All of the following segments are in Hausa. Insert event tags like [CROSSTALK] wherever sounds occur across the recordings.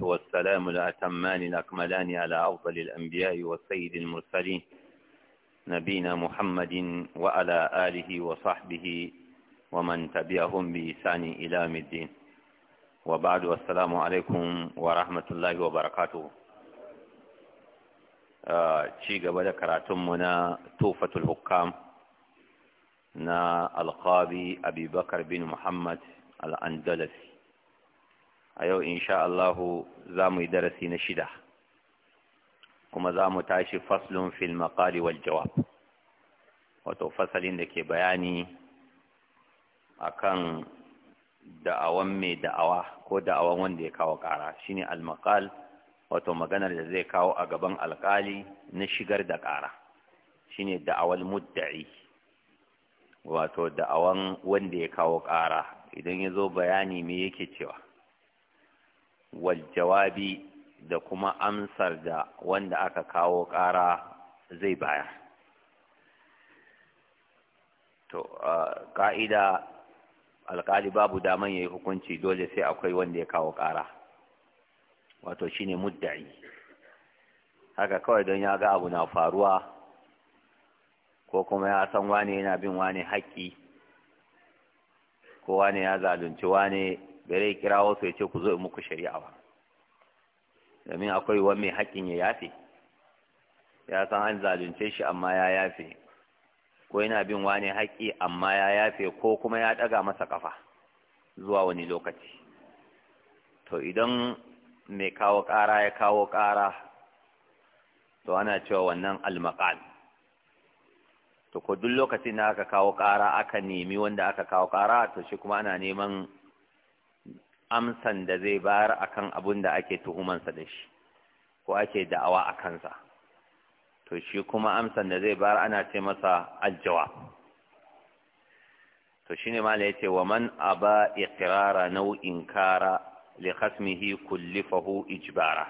والسلام الأتمان الأكملان على أفضل الأنبياء والسيد المرسلين نبينا محمد وعلى آله وصحبه ومن تبعهم بإحسان إلى الدين وبعد والسلام عليكم ورحمة الله وبركاته ci gaba da توفة na tufatul القابي أبي بكر بن محمد الأندلسي a yau insha Allahu za mu yi darasi na shida kuma za mu tashi faslun fil maqali wal jawab wato fasalin da ke bayani akan da'awan mai da'awa ko da'awan wanda ya kawo ƙara shine al maqal wato maganar da zai kawo a gaban alƙali na shigar da ƙara shine da'awal mudda'i wato da'awan wanda ya kawo ƙara idan ya zo bayani me yake cewa wal jawabi da kuma amsar da wanda aka kawo ƙara zai bayar to ƙa'ida alƙali babu daman ya yi hukunci dole sai akwai wanda ya kawo ƙara wato shine mudda'i haka kawai don ya ga abu na faruwa ko kuma ya san wane yana bin wane haƙƙi ko wane ya zalunci wane bare kira wasu ya ce ku zo in muku shari'a ba domin akwai wani mai haƙƙin ya yafe ya san an zalunce shi amma ya yafe ko yana bin wani haƙƙi amma ya yafe ko kuma ya ɗaga masa ƙafa zuwa wani lokaci to idan mai kawo ƙara ya kawo ƙara to ana cewa wannan almaƙal to ko duk lokacin da aka kawo ƙara aka nemi wanda aka kawo ƙara to shi kuma ana neman amsan da zai bayar kan abin da ake tuhumansa da shi ko ake da'awa a kansa to shi kuma amsan da zai bayar ana ce masa aljawa to shine mala ce wa man aba iqrara nau'in kara li khasmihi kullifahu ijbara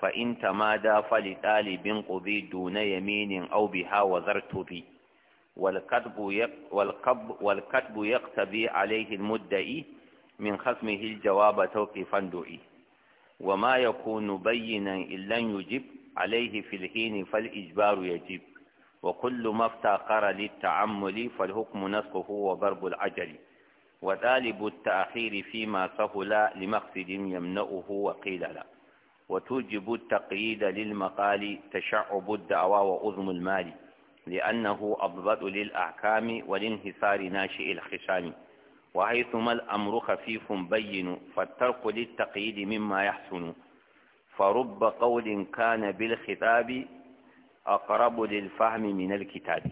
fa in tamada fali talibin qudi duna yaminin aw biha wa zartubi والكتب والكتب يقتضي عليه من خصمه الجواب توقيفا دعي وما يكون بينا إلا يجب عليه في الحين فالإجبار يجب وكل ما افتقر للتعمل فالحكم نسخه وضرب العجل وذالب التأخير فيما سهل لمقصد يمنعه وقيل لا وتوجب التقييد للمقال تشعب الدعوى وأذم المال لأنه أضبط للأحكام والانحسار ناشئ الخشام وحيثما الأمر خفيف بين فالترك للتقييد مما يحسن فرب قول كان بالخطاب أقرب للفهم من الكتاب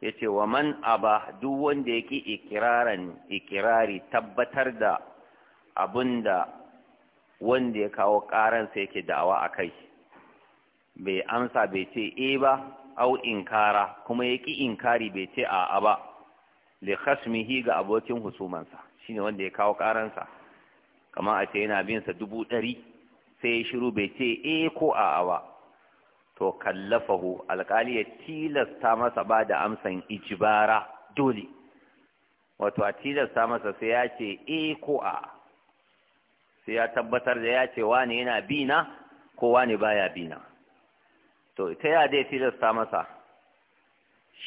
yace wa man aba duk wanda yake ikiraran ikirari tabbatar da abinda wanda ya kawo karansa yake da'awa akai bai amsa bai ce e ba au inkara kuma yake inkari bai ce a'a ba li khasmihi ga abokin husumansa shine wanda ya kawo karansa kamar a ce yana bin sa dubu ɗari sai ya shiru bai ce eh ko a? Awa, to kallafahu alƙali ya tilasta masa ba da amsan ijibara dole wato a tilasta masa sai ya ce eh ko a? sai ya tabbatar da ya ce wane yana bina ko wane baya bina to ita ya dai tilasta masa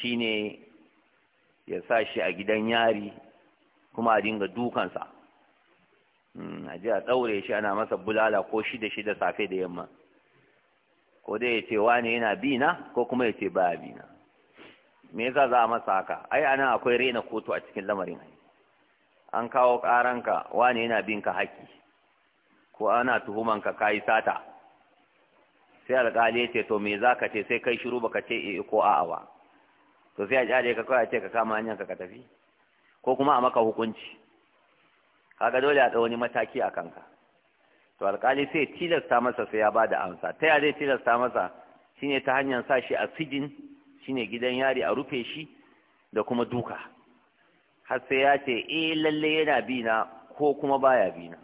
shine ya sa shi a gidan yari kuma a dinga dukansa hmm, a ji a ɗaure shi ana masa bulala ko shida shida safe da yamma ko dai ya ce wane yana bi ko kuma ya ce baya bi na me yasa za a masa haka ai anan akwai rena kotu a cikin lamarin an kawo ƙaranka wane yana bin ka haƙƙi ko ana tuhumanka ka yi sata sai alƙali ya ce to me za ka ce sai kai shiru baka ce eh ko a'a ba to sai a jare ka kawai a ce ka kama hanyar ka tafi ko kuma a maka hukunci kaga dole a wani mataki a kanka to alkali sai tilasta masa sai ya bada amsa ta yare tilasta masa shine ta hanyar sa shi a sijin shine gidan yari a rufe shi da kuma duka har sai ya ce eh lalle yana bi na ko kuma baya bi na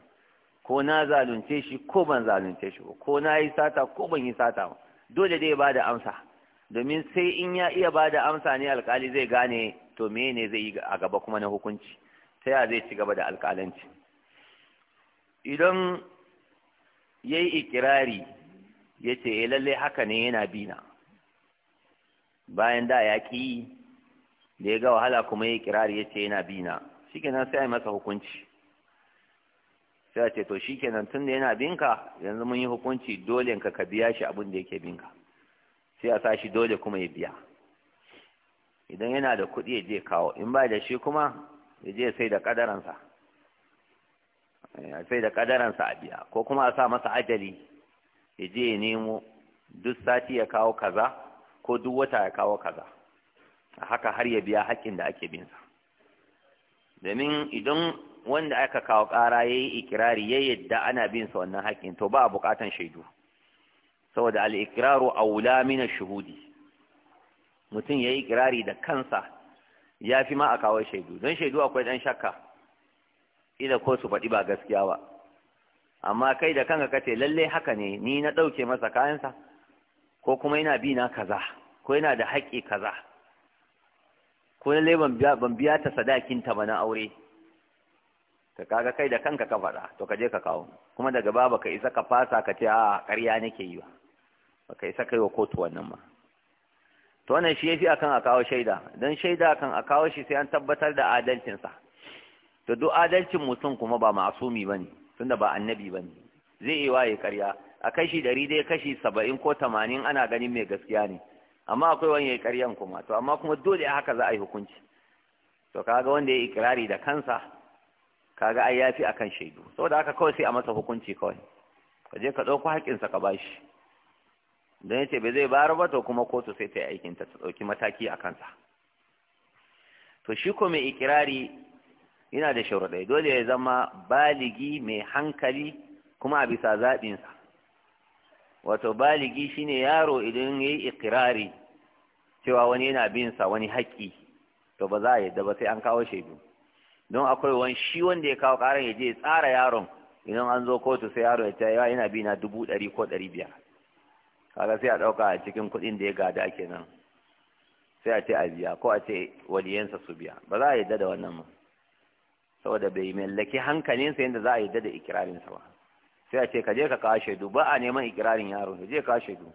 ko na zalunce shi ko ban zalunce shi ko na yi sata ko ban yi sata dole dai ba da amsa domin sai in ya iya ba da amsa ne alkali zai gane to ne zai yi a gaba kuma na hukunci ta ya zai ci gaba da alkalanci idan ya yi ikirari ya ce eh, lallai haka ne yana bina bayan da ya ƙi da ya ga wahala kuma ya yi ikirari ya ce yana bina shikenan sai a yi masa hukunci sai a ce to shikenan tun da yana binka yanzu mun yi hukunci dole ka ka biya shi abin da yake binka sai a sa shi dole kuma ya biya idan yana da kuɗi ya je kawo in ba da shi kuma ya je sai da kadaransa sai da kadaransa a biya ko kuma a sa masa ajali ya je ya nemo duk sati ya kawo kaza ko duk wata ya kawo kaza a haka har ya biya haƙƙin da ake binsa domin idan wanda aka kawo ƙara ya yi ikirari ya yadda ana binsa wannan haƙƙin to ba a buƙatan shaidu saboda al ikiraru wula mina shahudi shuhudi mutum yi ƙirari da kansa ya fi ma a kawo shaidu don shaidu akwai ɗan shakka ila ko su faɗi ba gaskiya ba amma kai da kanka kace lalle haka ne ni na ɗauke masa kayansa ko kuma yana bi na kaza ko yana da haƙƙi kaza ko lalle ban biya ta sadakinta ba na aure ka kaga kai da kanka ka faɗa to ka je ka kawo kuma daga baba ka isa ka fasa ka ce a ƙarya nake yi ba baka isa kai wa kotu wannan ma to wannan shi yafi akan a kawo shaida dan shaida kan a kawo shi sai an tabbatar da adalcinsa to duk adalcin mutum kuma ba masumi bane tunda ba annabi ba ne. zai iya waye ƙarya a kashi dari dai kashi saba'in ko tamanin ana ganin mai gaskiya ne amma akwai wani ya ƙaryan kuma to amma kuma dole a haka za a yi hukunci to kaga wanda ya yi ikirari da kansa kaga ai yafi akan shaidu saboda haka kawai sai a masa hukunci kawai ka je ka ɗauko haƙƙinsa ka bashi don yace bai zai bayar ba to kuma kotu sai ta yi aikin ta ɗauki mataki a kansa to shi ko mai ikirari yana da sharuɗai dole ya zama baligi mai hankali kuma a bisa zaɓinsa wato baligi shine yaro idan ya yi ikirari cewa wani yana binsa wani haƙƙi to ba za a yadda ba sai an kawo shaidu don akwai wani shi wanda ya kawo ƙaran ya je ya tsara yaron idan an zo kotu sai yaro ya ta yawa yana bina na dubu ɗari ko ɗari biyar kaga sai a ɗauka a cikin kuɗin da ya gada kenan sai a ce a biya ko a ce waliyansa su biya ba za a yadda da wannan ma saboda bai mallaki hankalinsa yadda za a yadda da ikirarinsa ba sai a ce ka je ka kawo shaidu ba a neman ikirarin yaro ka je ka shaidu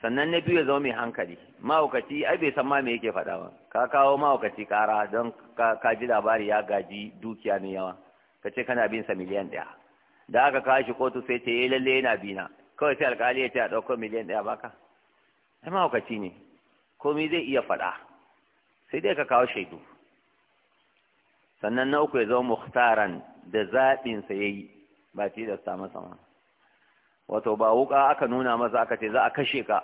sannan na biyu ya zama mai hankali mahaukaci ai bai san ma me yake faɗa ba ka kawo mahaukaci ƙara don ka ji labari ya gaji dukiya mai yawa ka ce kana bin sa miliyan ɗaya da aka kawo shi kotu sai ce eh, lalle yana bina kawai sai alkali ya ce a ɗauko miliyan ɗaya baka ai mahaukaci ne komi zai iya faɗa sai dai ka kawo shaidu sannan na uku ya zama muhtaran da zaɓinsa ya yi ba ce da sa masa ma wato ba wuƙa aka nuna masa aka ce za a kashe ka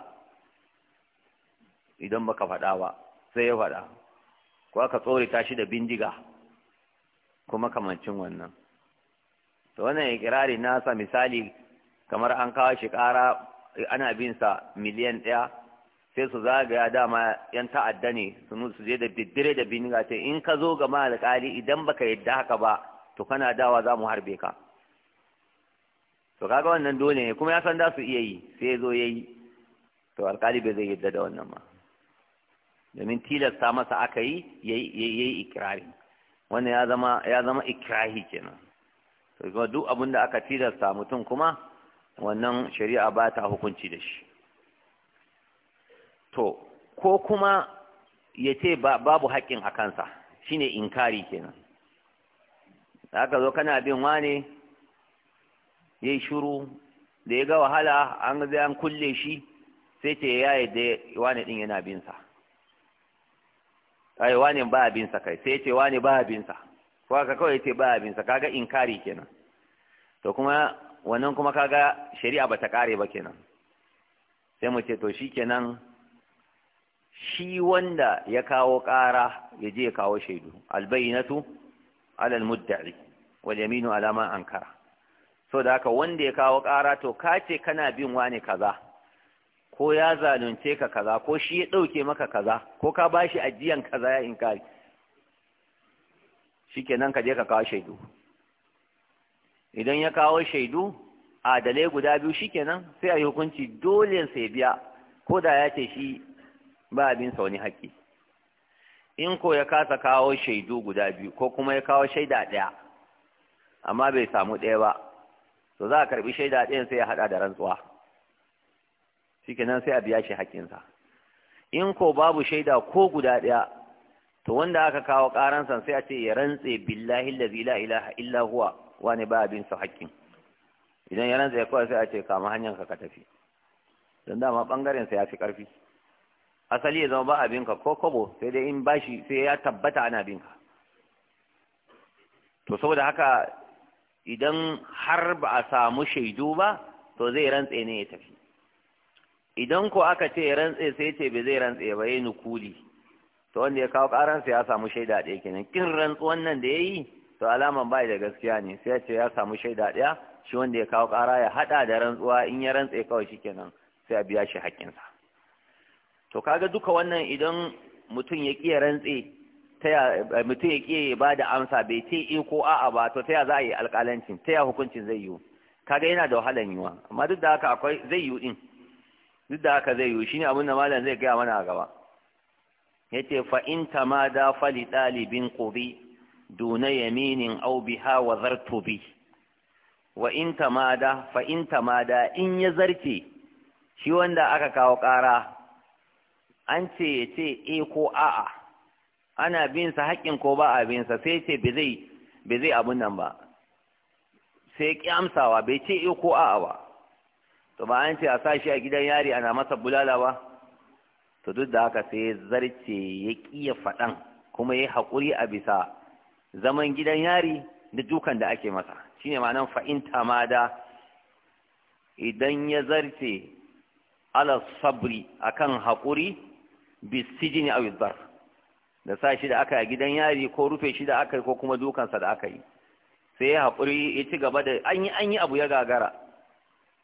idan baka faɗa ba sai ya faɗa ko aka tsorata shi da bindiga kuma kamancin wannan to wannan ikirari nasa misali kamar an kawo shi ƙara ana bin sa miliyan ɗaya sai su zagaya dama yan ta'adda ne su su je da biddire da biniga ce in ka zo ga alƙali idan baka yadda haka ba to kana dawa za mu harbe ka to kaga wannan dole ne kuma ya san da su iya yi sai ya zo ya yi to alƙali bai zai yadda da wannan ma domin tilasta masa aka yi ya yi ikirari wannan ya zama ikirari ikirahi kenan to duk abin da aka tilasta mutum kuma wannan shari'a ba ta hukunci da shi to ko kuma ya ce babu haƙƙin a kansa shine inkari kenan aka zo kana bin wane yi shiru da ya ga wahala an zai an kulle shi sai ce ya yi da wane ɗin yana bin sa ai wane ba bin sa kai sai ce wane ba bin sa ko haka kawai ce ba bin sa kaga inkari kenan to kuma wannan kuma kaga shari'a bata kare ba kenan sai mu ce to shikenan shi wanda ya kawo kara ya je ya kawo shaidu albayyinatu ala almudda'i wal yaminu ala man ankara so da haka wanda ya kawo kara to ka ce kana bin wani kaza ko ya zalunce ka kaza ko shi ya dauke maka kaza ko ka bashi ajiyan kaza ya inkari shikenan ka je ka kawo shaidu idan ya kawo shaidu adalai guda biyu shikenan sai a yi hukunci dole sai biya ko da ya ce shi ba abin sa wani haƙƙi in ko ya kasa kawo shaidu guda biyu ko kuma ya kawo shaida ɗaya amma bai samu ɗaya ba to za a karɓi shaida ɗayan sai ya haɗa da rantsuwa shikenan sai a biya shi haƙƙinsa in ko babu shaida ko guda ɗaya to wanda aka kawo ƙaransa sai a ce ya rantse billahi la ilaha illa huwa wani ba abin su haƙƙin idan ya rantsa ya kawai sai a ce kama hanyar ka ka tafi don dama ɓangaren sa ya fi ƙarfi asali ya zama ba abin ka ko kobo sai dai in bashi sai ya tabbata ana bin ka to saboda haka idan har ba a samu shaidu ba to zai rantse ne ya tafi idan ko aka ce ya rantse sai ce bai zai rantse ba yayi nukuli to wanda ya kawo karansa ya samu shaida ɗaya kenan kin rantsu wannan da ya yi. to alaman bai da gaskiya ne sai ya ce ya samu shaida daya shi wanda ya kawo kara ya hada da rantsuwa in ya rantse kawai shikenan sai a biya shi hakkinsa to kaga duka wannan idan mutum ya ƙi rantse mutum ya kiyar ba da amsa bai ce eh ko a'a ba to ta za a yi alƙalancin ta hukuncin zai yiwu kaga yana da wahalan yiwa amma duk da haka akwai zai yiwu din duk da haka zai yiwu shine abin da malam zai gaya mana a gaba yace fa in tamada fali dalibin qubi دون يمين أو بها وذرت به وإن تمادى فإن تمادى إن يزرتي shi wanda aka kawo ƙara an ce ya ce e ko a'a ana binsa haƙƙin ko ba a binsa sai ce bai zai abun nan ba sai ƙi amsawa bai ce ko a'a ba to ba an ce a sa shi a gidan yari ana masa bulala ba to duk da haka sai zarce ya ƙi faɗan kuma ya haƙuri a bisa zaman gidan yari da dukan da ake masa shine ma'anan fa'in tamada idan ya zarce ala sabri a kan haƙuri bisijini a da sa shi da aka yi gidan yari ko rufe shi da aka yi ko kuma dukansa da aka yi sai ya haƙuri ya ci gaba da an yi an yi abu ya gagara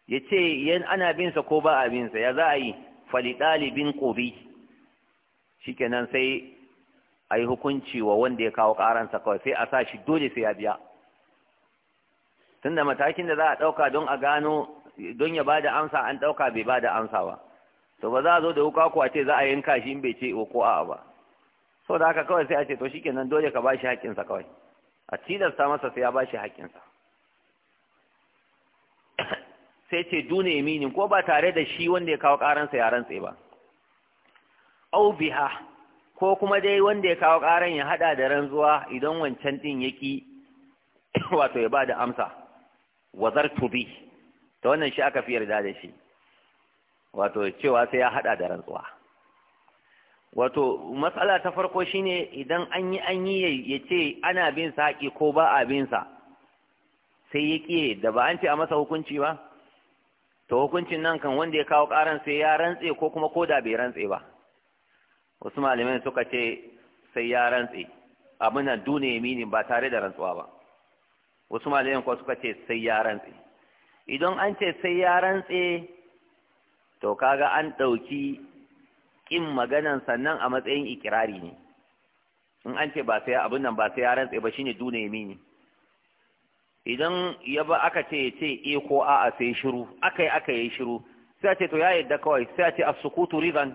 ya ce yan ana binsa ko ba a binsa ya za a yi fali ɗalibin ƙobi kenan sai a yi hukunci wa wanda ya kawo ƙaransa kawai sai a sa shi dole sai ya biya tunda matakin da za a ɗauka don a gano don ya bada amsa an ɗauka bai bada amsa ba to ba za a zo da wuka ko a ce za a yanka shi in bai ce o ko a'a ba so da haka kawai sai a ce to shikenan dole ka bashi haƙƙinsa kawai a tilasta masa sai ya bashi haƙƙinsa [COUGHS] sai ce dune yaminin ko ba tare da shi wanda ya kawo ƙaransa ya rantse ba au biha ko kuma dai wanda ya kawo ƙaran ya haɗa da rantsuwa idan wancan ɗin ya ƙi [COUGHS] wato ya ba da amsa wazar tubi ta wannan shi aka fi yarda da shi wato cewa sai ya haɗa da rantsuwa wato matsala ta farko shine idan an yi an yi ya ce ana bin sa haƙi ko ba a bin sa sai ya ƙi da ba an ce a masa hukunci ba to hukuncin nan kan wanda ya kawo ƙaran sai ya rantse ko kuma ko da bai rantse ba wasu malamai suka ce sai ya rantse abin nan dune mini ba tare da rantsuwa ba wasu malamai kuwa suka ce sai ya rantse idan an ce sai ya rantse to kaga an ɗauki ƙin maganan sannan a matsayin ikirari ne in an ce ba sai abin nan ba sai ya rantse ba shine dune yamini idan ya ba aka ce ce e ko a'a sai shiru aka yi aka yi shiru sai a ce to ya yadda kawai sai a ce as-sukutu ridan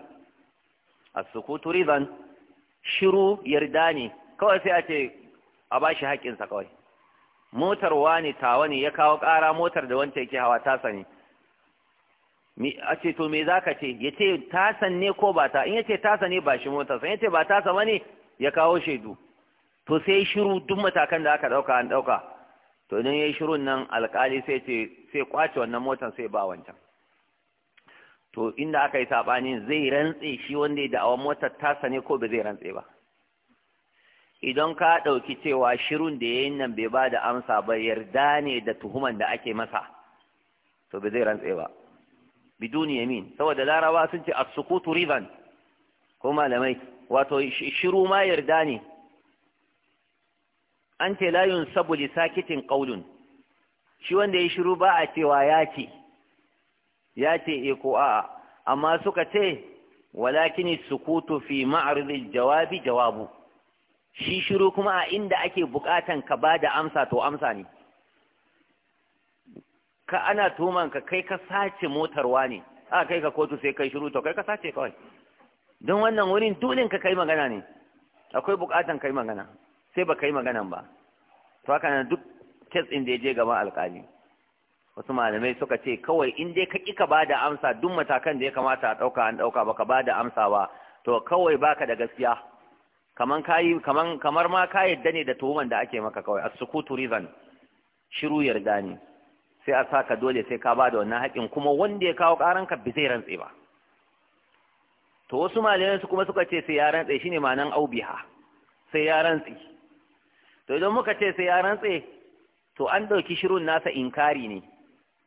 as-sukutu shiru yarda ne kawai sai a ce a ba shi sa kawai motar wani tawa ne ya kawo ƙara motar da wancan yake hawa tasa ne a ce to me za ka ce ya ce tasan ne ko ba ta in ya ce tasa ne ba shi motar sa ya ce ba tasa ba ne ya kawo shaidu to sai shiru duk matakan da aka ɗauka an ɗauka to idan ya yi shirun nan alƙali sai ce sai kwace wannan motar sai ba wancan to inda aka yi saɓani zai rantse shi wanda ya da'awar motar tasa ne ko ba zai rantse ba idan ka ɗauki cewa shirun da ya yi nan bai ba da amsa ba yarda ne da tuhuman da ake masa to ba zai rantse ba bidun yamin saboda larawa sun ce as-sukutu riban ko malamai wato shiru ma yarda ne an ce la yunsabu li sakitin ƙaudun. shi wanda ya shiru ba a cewa ya ce ya ce e ko a'a amma suka ce walakin sukutu fi ma'aridil jawabi jawabu shi shiru kuma a inda ake bukatan ka ba da amsa to amsa ne ka ana tuman ka kai ka sace motarwa ne a kai ka kotu sai kai shiru to kai ka sace kawai don wannan wurin dulin ka kai magana ne akwai bukatan kai magana sai ba kai maganan ba to haka nan duk kes ɗin da ya je gaban alƙali wasu malamai suka ce kawai in dai ka kika da amsa duk matakan da ya kamata a ɗauka an ɗauka baka da amsa ba to kawai baka da gaskiya kaman kayi kaman kamar ma ka yadda ne da tuhuman da ake maka kawai as-sukutu rizan shiru yarda ne sai a saka dole sai ka ba da wannan haƙin kuma wanda ya kawo ƙaranka ka zai rantse ba to wasu malamai su kuma suka ce sai ya rantse shine ma'anan aubiha sai ya rantse to idan muka ce sai ya rantse to an ɗauki shirun nasa inkari ne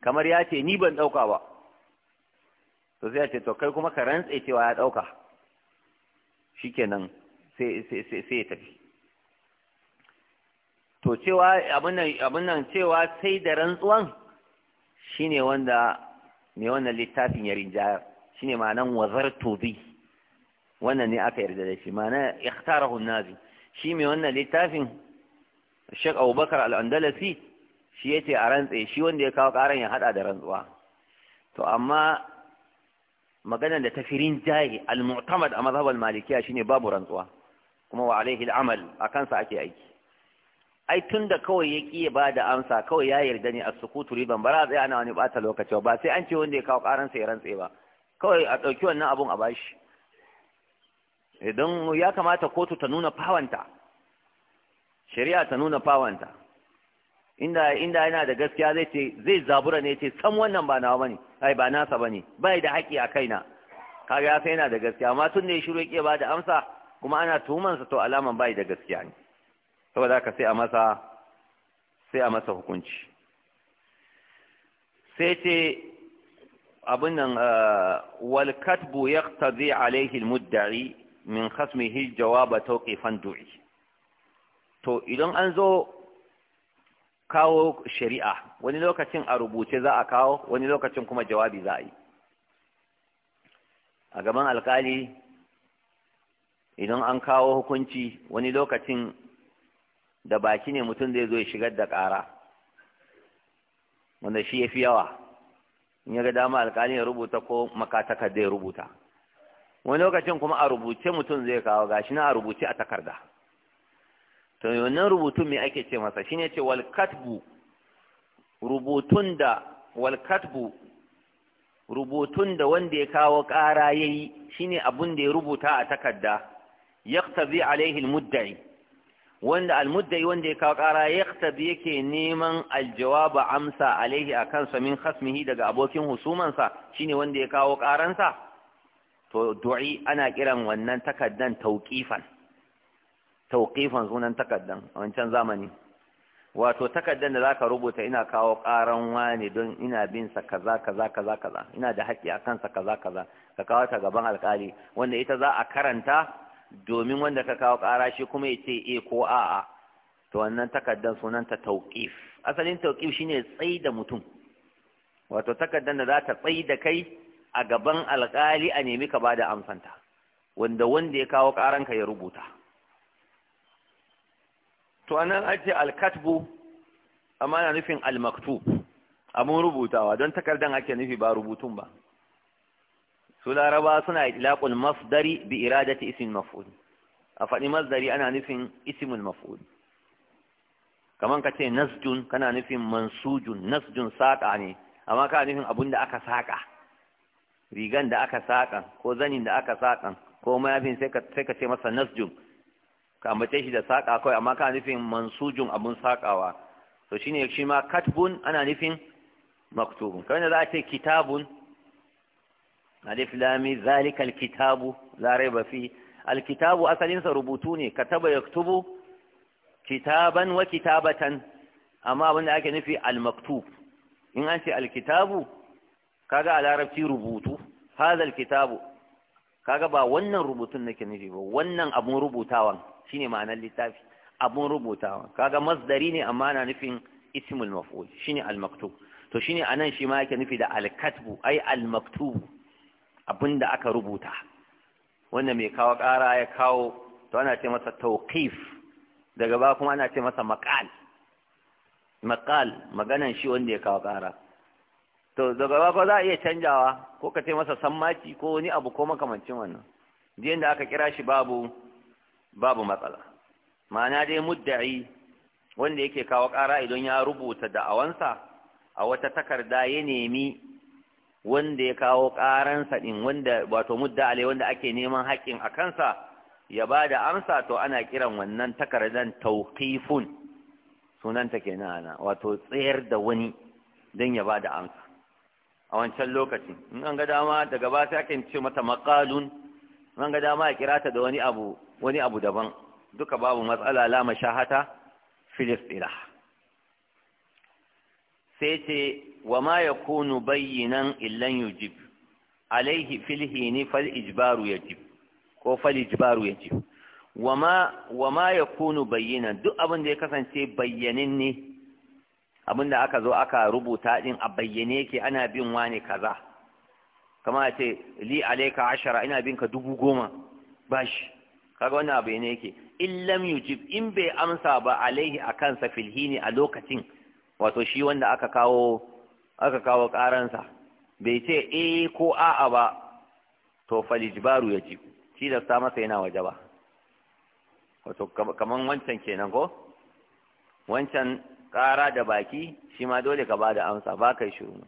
kamar ya ce ni ban ɗauka ba to sai ya ce to kai kuma ka rantse cewa ya ɗauka shikenan sai ya tafi to cewa abin nan cewa sai da rantsuwan shine wanda mai wannan littafin ya rinjayar shine ma'anan wazar bi wannan ne aka yarda da shi ma'ana ikhtarahu nazi shi mai wannan littafin Sheikh Abubakar Al-Andalasi shi ya ce a rantse shi wanda ya kawo karan ya hada da rantsuwa to amma maganar da tafirin jahi al-mu'tamad a mazhabar malikiya shine babu rantsuwa kuma wa alaihi al-amal akan sa ake aiki ai tunda kawai ya kiye ba da amsa kawai ya yarda ne a sukutu riban bara zai ana wani bata lokaci ba sai an ce wanda ya kawo karan sa ya rantse ba kawai a dauki wannan abun a bashi idan ya kamata kotu ta nuna fawanta shari'a ta nuna fawanta inda inda yana da gaskiya zai ce zai zabura ne ce san wannan ba nawa bane ai ba nasa bane bai da haƙi a kaina kaga ya sai yana da gaskiya amma tun ne shiru yake ba da amsa kuma ana tuhuman sa to alaman bai da gaskiya ne saboda haka sai a masa sai a masa hukunci sai ce abin nan eh, wal katbu yaqtadi alayhi al mudda'i min khasmihi jawaba tawqifan du'i to idan an zo kawo shari'a wani lokacin a rubuce za a kawo wani lokacin kuma jawabi za a yi a gaban alkali idan an kawo hukunci wani lokacin da baki ne mutum zai zo ya shigar da ƙara wanda shi ya fi yawa in ya ga dama alkali ya rubuta ko makatakar ya rubuta wani lokacin kuma a rubuce mutum zai kawo gashi na a rubuce a takarda to wannan rubutun me ake ce masa shine ce wal rubutun da wal rubutun da wanda ya kawo ƙara yayi shine abun da ya rubuta a takarda yaqtabi alaihi al-mudda'i wanda al wanda ya kawo ƙara yaqtabi yake neman aljawaba amsa alaihi akan sa min khasmihi daga abokin husumansa shine wanda ya kawo ƙaransa to du'i ana kiran wannan takardan tauƙifan. tauƙifan sunan takaddan a wancan zamani wato takaddan da zaka rubuta ina kawo ƙaran wani don ina bin sa kaza kaza kaza kaza ina da haƙƙi a sa kaza kaza ka kawo ta gaban alƙali wanda ita za a karanta domin wanda ka kawo ƙara shi kuma ya ce e ko a'a to wannan takaddan sunanta tauƙif asalin tauƙif shine tsayi da mutum wato takaddan da za ta tsai da kai a gaban alƙali a nemi ka bada amsanta wanda wanda ya kawo ka ya rubuta to anan ake alkatbu amma na nufin almaktub abun rubutawa don takardar ake nufi ba rubutun ba su laraba suna itlaqul masdari bi iradati ismin maf'ul a faɗi masdari ana nufin ismul maf'ul kaman ka ce nasjun kana nufin mansujun nasjun saƙa ne amma kana nufin abun da aka saƙa rigan da aka saƙa ko zanin da aka saƙa ko mayafin sai ka ce masa nasjun ka shi da saƙa kawai amma kana nufin mansujun abun saƙawa to shine shi ma katbun ana nufin maktubun kawai da za a ce kitabun alif lami zalika alkitabu la raiba fi alkitabu asalin sa rubutu ne kataba yaktubu kitaban wa kitabatan amma abin da ake nufi almaktub in an ce alkitabu kaga a larabci rubutu hadha alkitabu kaga ba wannan rubutun nake nufi ba wannan abun rubutawan shine ma'anar littafi abun rubutawan kaga masdari ne amma na nufin ismul maf'ul shine al-maktub to shine anan shi ma yake nufi da al-katbu ai al-maktub abinda aka rubuta wannan mai kawo ƙara ya kawo to ana ce masa tawqif daga ba kuma ana ce masa maqal maqal maganan shi wanda ya kawo ƙara to daga ba za a iya canjawa ko ka ce masa sammaci ko wani abu ko makamancin wannan diyan da aka kira shi babu babu matsala ma'ana dai mudda'i wanda yake kawo ƙara idan ya rubuta da'awansa a wata takarda ya nemi wanda ya kawo ƙaransa ɗin wanda wato mudda wanda ake neman haƙƙin a kansa ya bada amsa to ana kiran wannan takardan taukifun sunanta kenan ana wato tsayar da wani don ya ba amsa a wancan lokacin in an ga dama daga ba sai ake ce mata maqalun in an ga dama ya kira ta da wani abu wani abu daban duka babu matsala la mashahata fil istilah sai ce wa ma yakunu bayyinan illan yujib alaihi fil hini fal ijbaru yajib ko fal ijbaru yajib wa ma wa ma yakunu bayyinan duk abin da ya kasance bayyanin ne abin da aka zo aka rubuta din a bayyane yake ana bin wani kaza kama a ce li alaika ashara ina bin ka dubu goma bashi kaga wannan abu ne yake in lam yujib in bai amsa ba alaihi akan sa filhini a lokacin wato shi wanda aka kawo aka kawo karansa bai ce eh ko a'a ba to falijbaru yaji shi da sa masa yana wajaba wato kaman wancan kenan ko wancan tsara da baki shi ma dole ka ba da amsa ba kai shiru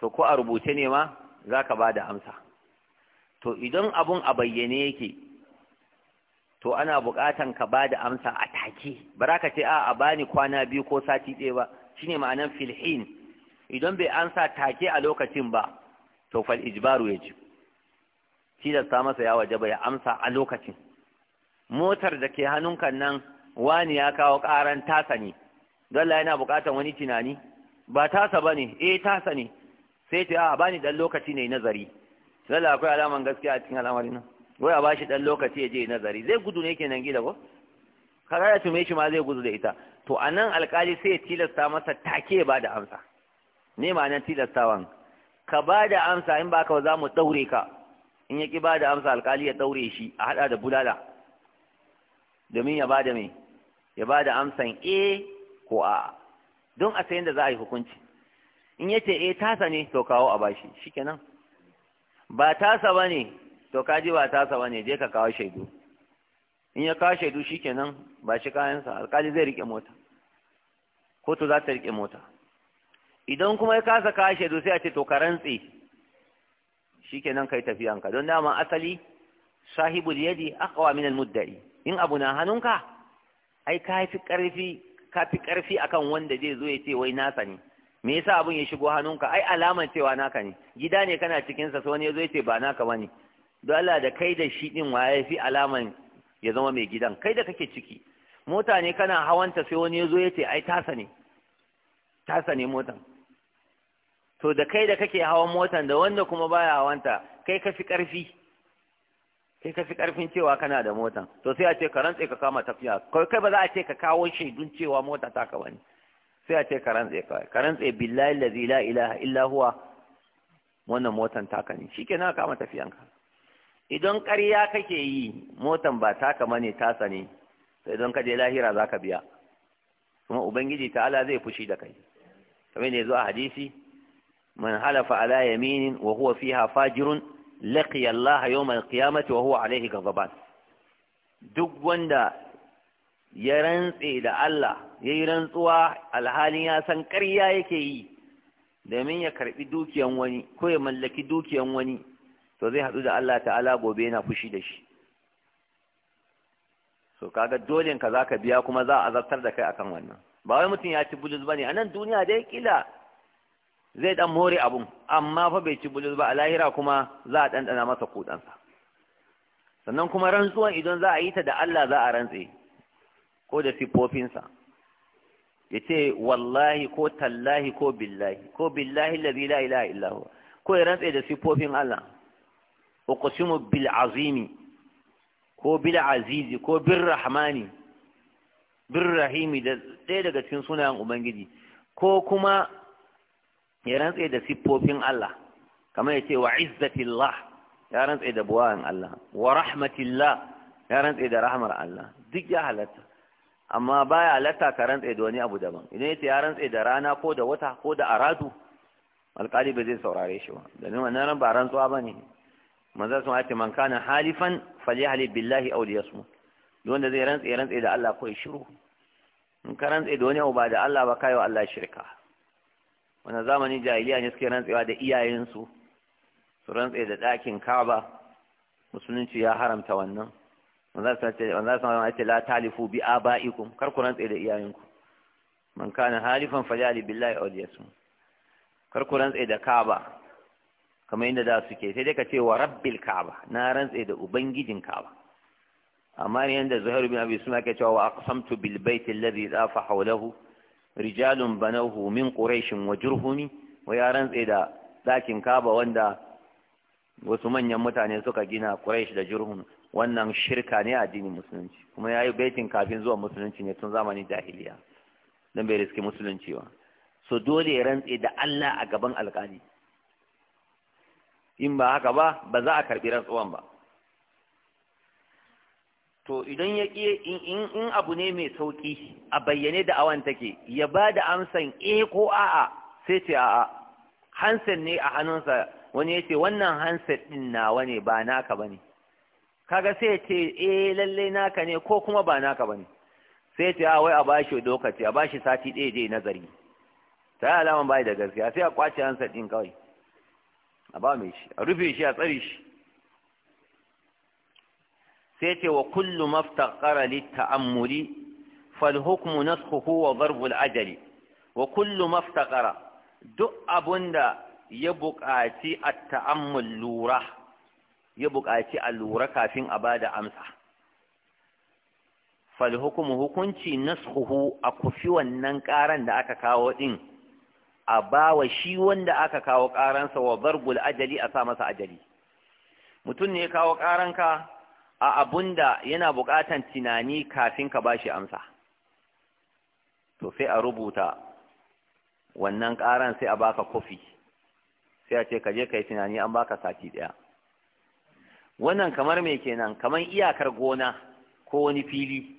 to ko a rubuce ne ma za ka ba da amsa to idan abun a bayyane yake to ana bukatan ka ba da amsa a take ba ka ce a a bani kwana biyu ko sati ɗaya ba shine ma'anan filhin idan bai amsa take a lokacin ba to fal ijbaru yajib tilasta masa ya waje bai amsa a lokacin motar da ke hannun hannunka nan wani ya kawo ƙaran tasa ne dalla yana buƙatar wani tunani ba tasa ba ne eh tasa ne sai ta a bani dan lokaci ne nazari dalla akwai alaman gaskiya a cikin al'amarin nan wai a bashi dan lokaci ya je nazari zai gudu ne kenan gida ko kaga ya tume shi ma zai gudu da ita to anan alkali sai ya tilasta masa take ba da amsa ne nan tilastawan ka ba da amsa in ba ka za mu daure ka in ya ki ba da amsa alkali ya daure shi a hada da bulala domin ya ba da me ya ba da amsan eh ko a'a don a sayan da za a yi hukunci in ya ce eh tasa ne to kawo a bashi shikenan ba tasa ba ne to kaji ba tasa ba ne je ka kawo shaidu in ya kawo shaidu shikenan ba shi kayansa alkali zai rike mota kotu za ta rike mota idan kuma ya kasa kawo shaidu sai a ce to ka rantse shikenan kai tafiyanka don dama asali sahibul yadi aqwa min al-mudda'i in abu na hannunka ai ka fi karfi ka fi ƙarfi akan wanda zai zo ya ce wai nasa ne me yasa abun ya shigo hannunka ai alaman cewa naka ne gida ne kana cikin sa sai wani ya zo ya ce ba naka bane don Allah da kai da shi din waye fi alaman ya zama mai gidan kai da kake ciki mota ne kana hawanta sai wani ya zo ya ce ai tasa ne tasa ne motan to da kai da kake hawan motan da wanda kuma baya hawanta kai ka fi ƙarfi sai ka fi karfin cewa kana da motan to sai a ce ka rantse ka kama tafiya kai kai ba za a ce ka kawo shaidun cewa mota ta ka bane sai a ce ka rantse ka ka rantse billahi allazi la ilaha illa huwa wannan motan ta ka ne shikenan ka kama tafiyanka idan ƙarya kake yi motan ba ka bane tasa ne sai don ka je lahira zaka biya kuma ubangiji ta'ala zai fushi da kai kamar ne zuwa a hadisi man halafa ala yaminin wa huwa fiha fajirun laqiya Allah yawmal qiyamati wa huwa alaihi duk wanda ya rantse da Allah yayi rantsuwa alhalin ya san ƙarya yake yi domin ya karbi dukiyan wani ko ya mallaki dukiyan wani to zai haɗu da Allah ta'ala gobe yana fushi da shi so kaga dole ka ka biya kuma za a azabtar da kai akan wannan ba wai mutum ya ci bulus ne, a nan duniya dai kila zai dan more abun amma fa bai ci bulus ba a lahira kuma za a ɗanɗana masa kuɗansa sannan kuma rantsuwan idan za a yi ta da Allah za a rantse ko da siffofinsa ya ce wallahi ko tallahi ko billahi ko billahi lazi la ilaha illahu ko ya rantse da siffofin Allah uqsimu bil azimi ko bil azizi ko bir rahmani bir rahimi da ɗaya daga cikin sunayen ubangiji ko kuma ya rantse da siffofin Allah kamar ya ce wa izzatillah ya rantse da buwayen Allah wa rahmatillah ya rantse da rahmar Allah duk ya halatta amma baya halatta ka rantse da wani abu daban idan ya ce ya rantse da rana ko da wata ko da aradu alƙali ba zai saurare shi ba domin wannan ran ba rantsuwa ba ne manzo sun ce man kana halifan falyahli billahi aw liyasmut wanda zai rantse rantse da Allah ko ya shiru in ka rantse da wani abu ba da Allah ba kai wa Allah shirka wannan zamanin jahiliya ne suke rantsewa da iyayensu su rantse da ɗakin kaba musulunci ya haramta wannan wanda su ma ce la talifu bi aba'ikum kar ku rantse da iyayenku man kana halifan falyali billahi aw yasum kar ku rantse da kaba kamar inda da suke sai dai ka ce wa rabbil kaba na rantse da ubangijin kaba amma ne yanda zuhairu bin abi suna ke cewa wa aqsamtu bil baiti alladhi dafa hawlahu rijalun banahu min quraishin wa jurhumi wa ya rantse da dakin kaba wanda wasu manyan mutane suka gina quraish da jurhum wannan shirka ne a addinin musulunci kuma yayi baitin kafin zuwa musulunci ne tun zamanin jahiliya dan bai riski musulunci ba so dole ya rantse da Allah a gaban alƙali in ba haka ba ba za a karɓi rantsuwan ba to idan ya ƙi in abu ne mai sauƙi a bayyane da awan take ya ba da amsan eh ko a'a sai ce a'a handset ne a hannunsa wani ya ce wannan hanset ɗin nawa ne ba naka ba ne kaga sai ce eh lalle naka ne ko kuma ba naka ba ne sai ce a ah, wai a ba shi lokaci a ba shi sati ɗaya je nazari ta yi alaman bayi da gaskiya sai a kwace handset ɗin kawai a ba mai shi a rufe shi a tsare shi sai ce wa kullu maftaqara litta'ammuli fal hukmu wa darbu ajali wa kullu maftaqara duk abinda ya buƙaci a taammul lura ya buƙaci a lura kafin a bada amsa fal hukmu hukunci naskhuhu a kufi wannan ƙaran da aka kawo ɗin, a wa shi wanda aka kawo ƙaransa wa darbul ajali a sa masa ajali mutum ne ya kawo ƙaranka a abun da yana buƙatan tunani kafin ka bashi amsa to sai a rubuta wannan ƙaran sai a baka kofi sai a ce ka je ka yi tunani an baka sati ɗaya wannan kamar me kenan kamar iyakar gona ko wani fili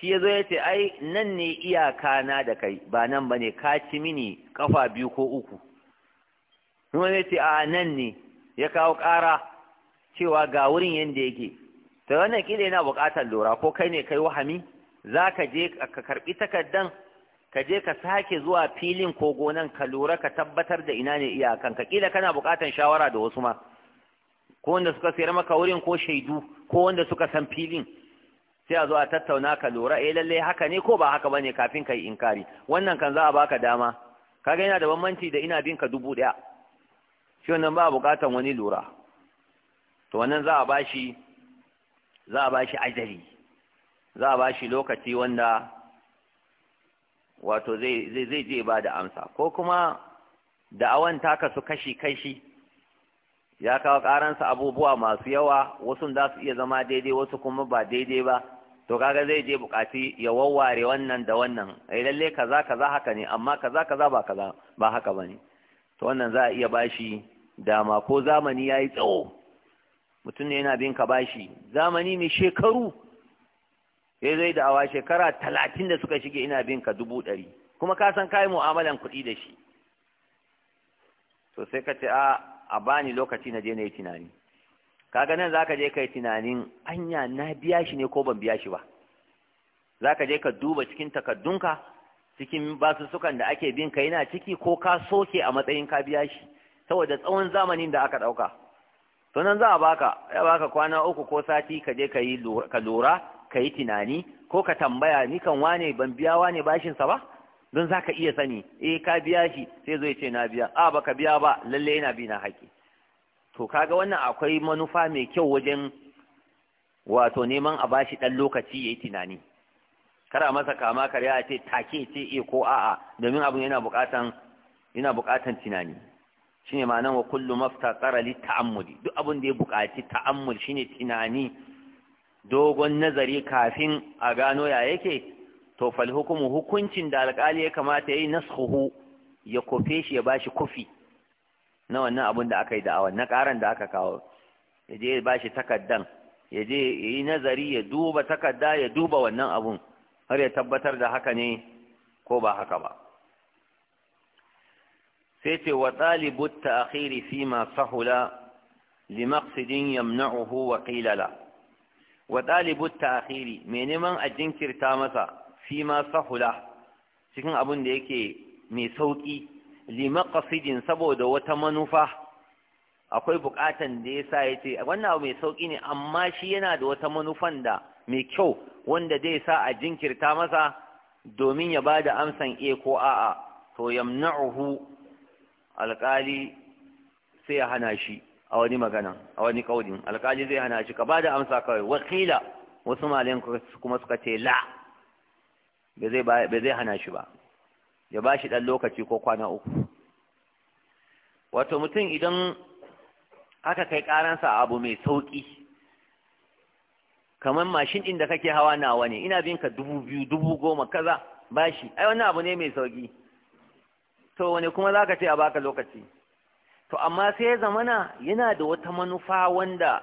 shi ya zo ya ce ai nan ne iyaka na da kai ba nan ba ne ka ci mini kafa biyu ko uku kuma ya ce a nan ne ya kawo ƙara cewa ga wurin yadda yake to wannan kila yana buƙatar lura ko kai ne kai wahami za ka je ka karɓi takardan ka je ka sake zuwa filin ko gonan ka lura ka tabbatar da ina ne iyakan ka kila kana buƙatar shawara da wasu ma ko wanda suka sayar maka wurin ko shaidu ko wanda suka san filin sai a zo a tattauna ka lura eh lallai haka ne ko ba haka bane kafin ka kai inkari wannan kan za a baka dama kaga yana da bambanci da ina bin ka dubu daya shi wannan ba buƙatar wani lura to wannan za a bashi za a bashi ajali za a bashi lokaci wanda wato zai zai je ba da amsa ko kuma da'awan ta kasu kashi kashi ya kawo karansa abubuwa masu yawa wasu za su iya zama daidai wasu kuma ba daidai ba to kaga zai je bukati ya wawware wannan da wannan ai eh, lalle kaza kaza haka ne amma kaza kaza ba kaza ba haka bane to wannan za a iya bashi dama ko zamani yayi tsawo mutum ne yana bin ka bashi zamani ne shekaru Ya zai da awa shekara talatin da suka shige ina bin ka dubu ɗari kuma ka san kayi mu'amalan kuɗi da shi to sai ka ce a bani lokaci na je na yi tunani kaga nan zaka je kai tunanin anya na biya shi ne ko ban biya shi ba zaka je ka duba cikin takaddunka cikin basussukan da ake bin ka yana ciki ko ka soke a matsayin ka biya shi saboda tsawon zamanin da aka ɗauka sannan za a baka ya baka kwana uku ko sati ka je ka yi ka lura ka yi tunani ko ka tambaya ni kan wane ban biya wane bashin sa ba don za ka iya sani eh ka biya shi sai zo ya na biya a baka biya ba lalle yana bi na haƙi to kaga wannan akwai manufa mai kyau wajen wato neman a bashi dan lokaci yayi tunani kara masa kama karya a ce take ce eh ko a'a domin abin yana bukatan yana buƙatan tunani shine ma'anan wa kullu maftatara li ta'ammuli duk abin da ya bukaci ta'ammul shine tunani dogon nazari kafin a gano ya yake to fal hukumu hukuncin da alkali ya kamata yayi nasxuhu ya kofe shi ya bashi kufi na wannan abin da aka yi da'awa na karan da aka kawo ya je ya bashi takaddan ya je ya yi nazari ya duba takadda ya duba wannan abun har ya tabbatar da haka ne ko ba haka ba sai ce wa talibu ta'khiri fi ma sahula li yamna'uhu wa qila la wa talibu ta'khiri me neman a jinkirta masa fi ma sahula cikin abin da yake mai sauƙi, li saboda wata manufa akwai buƙatan da yasa yace wannan abu mai sauki ne amma shi yana da wata manufan da mai kyau wanda zai sa a jinkirta masa domin ya ba da amsan e ko a'a to yamna'uhu alƙali sai ya hana shi a wani magana a wani kaudin alƙali zai hana shi ka ba da amsa kawai wakila wasu malayan kuma suka ce la ba zai hana shi ba ya ba shi ɗan lokaci ko kwana uku wato mutum idan aka kai ƙaransa abu mai sauƙi kamar mashin ɗin da kake hawa nawa ne ina bin ka dubu biyu dubu goma kaza ba shi, ai wani abu ne mai sauƙi to wani kuma za ka ce a baka lokaci to amma sai zamana yana da wata manufa wanda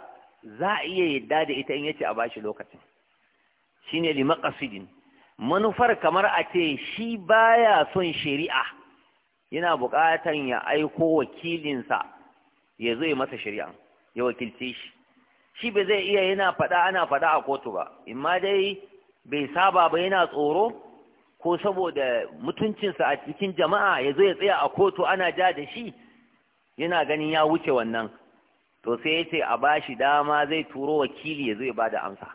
za a iya yadda da ita in yace a bashi lokacin shine li maqasidin manufar kamar a ce shi baya son shari'a yana buƙatan ya aiko wakilinsa ya zo ya masa shari'a ya wakilce shi shi ba zai iya yana faɗa ana faɗa a kotu ba imma dai bai saba ba yana tsoro ko saboda mutuncinsa a cikin jama'a ya zo ya tsaya a kotu ana ja da shi yana ganin ya wuce wannan to sai ya ce a ba shi dama zai turo wakili ya zo ya bada amsa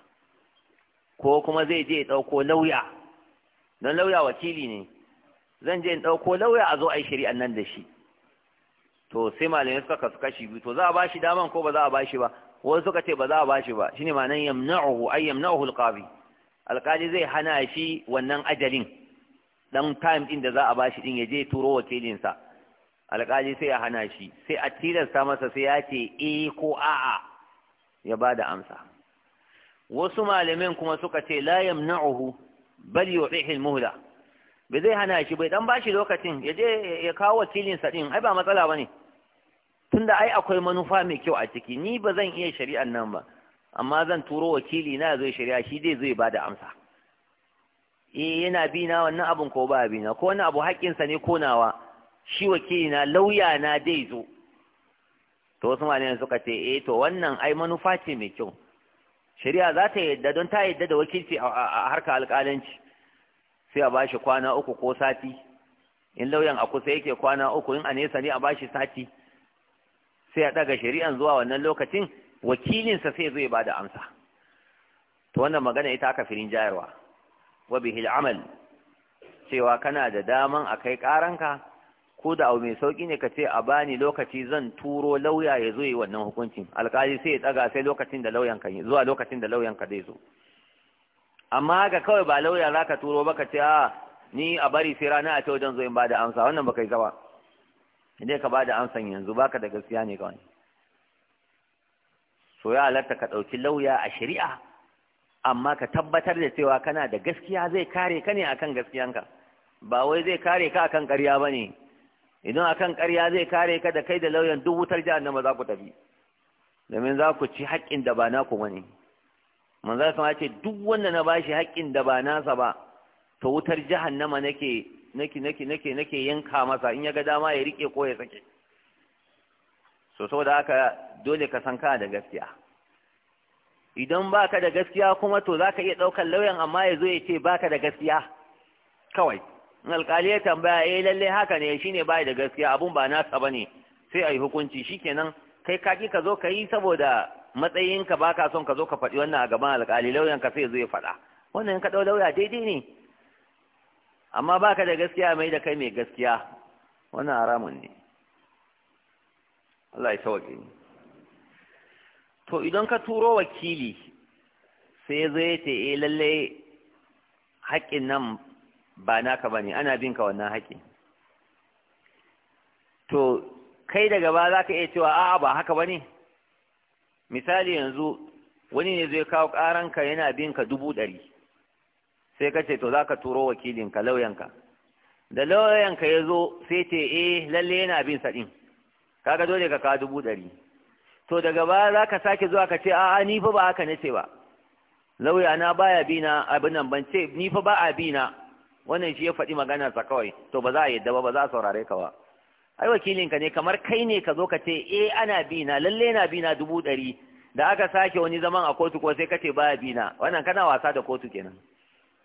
ko kuma zai je ya ɗauko lauya don lauya wakili ne zan je in ɗauko lauya a zo a yi shari'an nan da shi to sai malamai suka kasu kashi biyu to za a ba shi dama ko ba za a ba shi ba wasu suka ce ba za a ba shi ba shine ma nan yamna'uhu ay yamna'uhu alqadi alqadi zai hana shi wannan ajalin dan time din da za a bashi din ya je turo wakilinsa alƙali sai ya hana shi sai a tilasta masa sai ya ce eh ko a'a ya bada amsa wasu malamin kuma suka ce la yamna'uhu bal yu'ihi al-muhla bai zai hana shi bai dan bashi lokacin ya je ya kawo wakilinsa din ai ba matsala bane tunda ai akwai manufa mai kyau a ciki ni ba zan iya shari'an nan ba amma zan turo wakili na zai shari'a shi dai zai ba da amsa eh yana bi na wannan abin ko ba bi na ko wani abu haƙƙinsa ne ko nawa shi wakili lauya na dai zo to wasu malamai suka ce eh to wannan ai manufa ce mai kyau shari'a za ta yadda don ta yadda da wakilci a harka alƙalanci sai a bashi kwana uku ko sati in lauyan a kusa yake kwana uku in a nesa ne a bashi sati sai a ɗaga shari'an zuwa wannan lokacin wakilinsa sai zai ba da amsa to wannan magana ita aka firin jayarwa wa bihi al'amal cewa kana da daman a kai ƙaranka ko da abu mai sauƙi ne ka ce a bani lokaci zan turo lauya ya zo yi wannan hukuncin alƙali sai ya tsaga sai lokacin da lauyan ka zuwa lokacin da lauyan ka zai zo amma ga kawai ba lauya za ka turo ba ka ce a ah, ni a bari sai rana a ce wajen zo in ba da amsa wannan ba kai zawa idan ka ba da amsan yanzu baka da gaskiya ne kawai so ya halatta ka ɗauki lauya a shari'a amma ka tabbatar da cewa kana da gaskiya zai kare ka ne akan gaskiyanka ba wai zai kare ka akan ƙarya ba ne idan akan ƙarya zai kare ka da kai da lauyan duk wutar jahannama za ku tafi domin za ku ci haƙƙin da ba na ku ba Man manzo sama ce duk wanda na bashi haƙƙin da ba nasa ba to wutar jahannama nake nake yanka masa in ya ga dama ya rike ko ya sake so saboda haka dole ka san kana da gaskiya idan baka da gaskiya kuma to zaka iya ɗaukar lauyan amma ya zo ya ce baka da gaskiya kawai in alƙali ya tambaya eh lallai haka ne shine bai da gaskiya abun ba nasa bane sai ayi hukunci shi shikenan kai kaki ka zo ka yi saboda matsayinka baka son ka zo ka faɗi wannan a gaban alƙali lauyan ka sai zo ya faɗa wannan ka ɗau lauya daidai ne amma baka da gaskiya mai da kai mai gaskiya wannan haramun ne Allah ya sauke ni to idan ka turo wakili sai zo ya ce eh lallai haƙƙin nan ba naka ne, ana bin ka wannan haƙƙin to kai daga ba za ka iya cewa a'a ba haka ba ne?' misali yanzu wani ne zai kawo ƙaranka yana bin ka dubu ɗari sai ka ce to za ka turo wakilinka lauyanka da lauyanka ya zo sai ce eh lalle yana bin sa ɗin kaga dole ka kawo dubu ɗari to daga baya za ka sake zuwa ka ce a'a ni fa ba haka nace ba lauya na baya bi na abin nan ban ce ni fa ba a bi na wannan shi ya faɗi magana sa kawai to ba za a yadda ba ba za a saurare ka ba ai wakilinka ne kamar kai ne ka zo ka ce eh ana bi na lalle na bi na dubu ɗari da aka sake wani zaman a kotu ko sai ka ce baya bi na wannan kana wasa da kotu kenan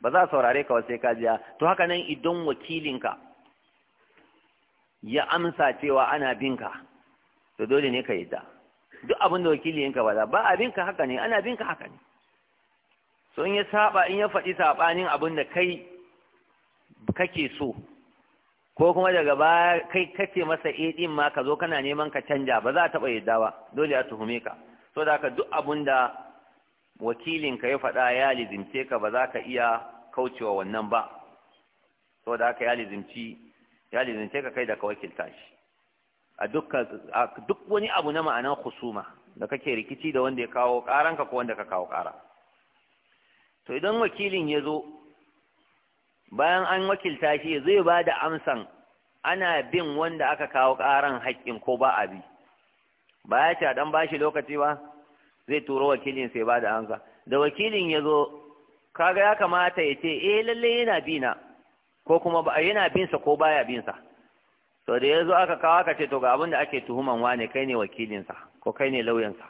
ba za a saurare ka ba sai ka jiya to haka nan idan wakilinka ya amsa cewa ana bin ka. to dole ne ka yadda duk abin da wakili yanka ba ba abin ka haka ne ana bin ka haka ne so in ya saba in ya faɗi sabanin abin da kai kake so ko kuma daga ba kai kace masa eh din ma ka zo kana neman ka canja ba za a taɓa yadda ba dole a tuhume ka so da haka duk abin da wakilinka ya faɗa ya lizimce ka ba za ka iya kaucewa wannan ba so da haka ya lizimci ya lizimce ka kai da ka wakilta shi a duk wani abu na ma'anar husuma da kake rikici da wanda ya kawo karanka ko wanda ka kawo kara to idan wakilin ya zo bayan an wakilta shi zai ba da amsan ana bin wanda aka kawo karan haƙƙin ko ba a bi ba ya ce a bashi lokaci ba zai turo wakilin sai ba da amsa da wakilin ya zo kaga ya kamata ya ce eh lalle yana bina ko kuma ba yana binsa ko baya binsa so da ya zo aka kawo aka ce to ga abin da ake tuhuman wane kai ne wakilinsa ko kai ne lauyansa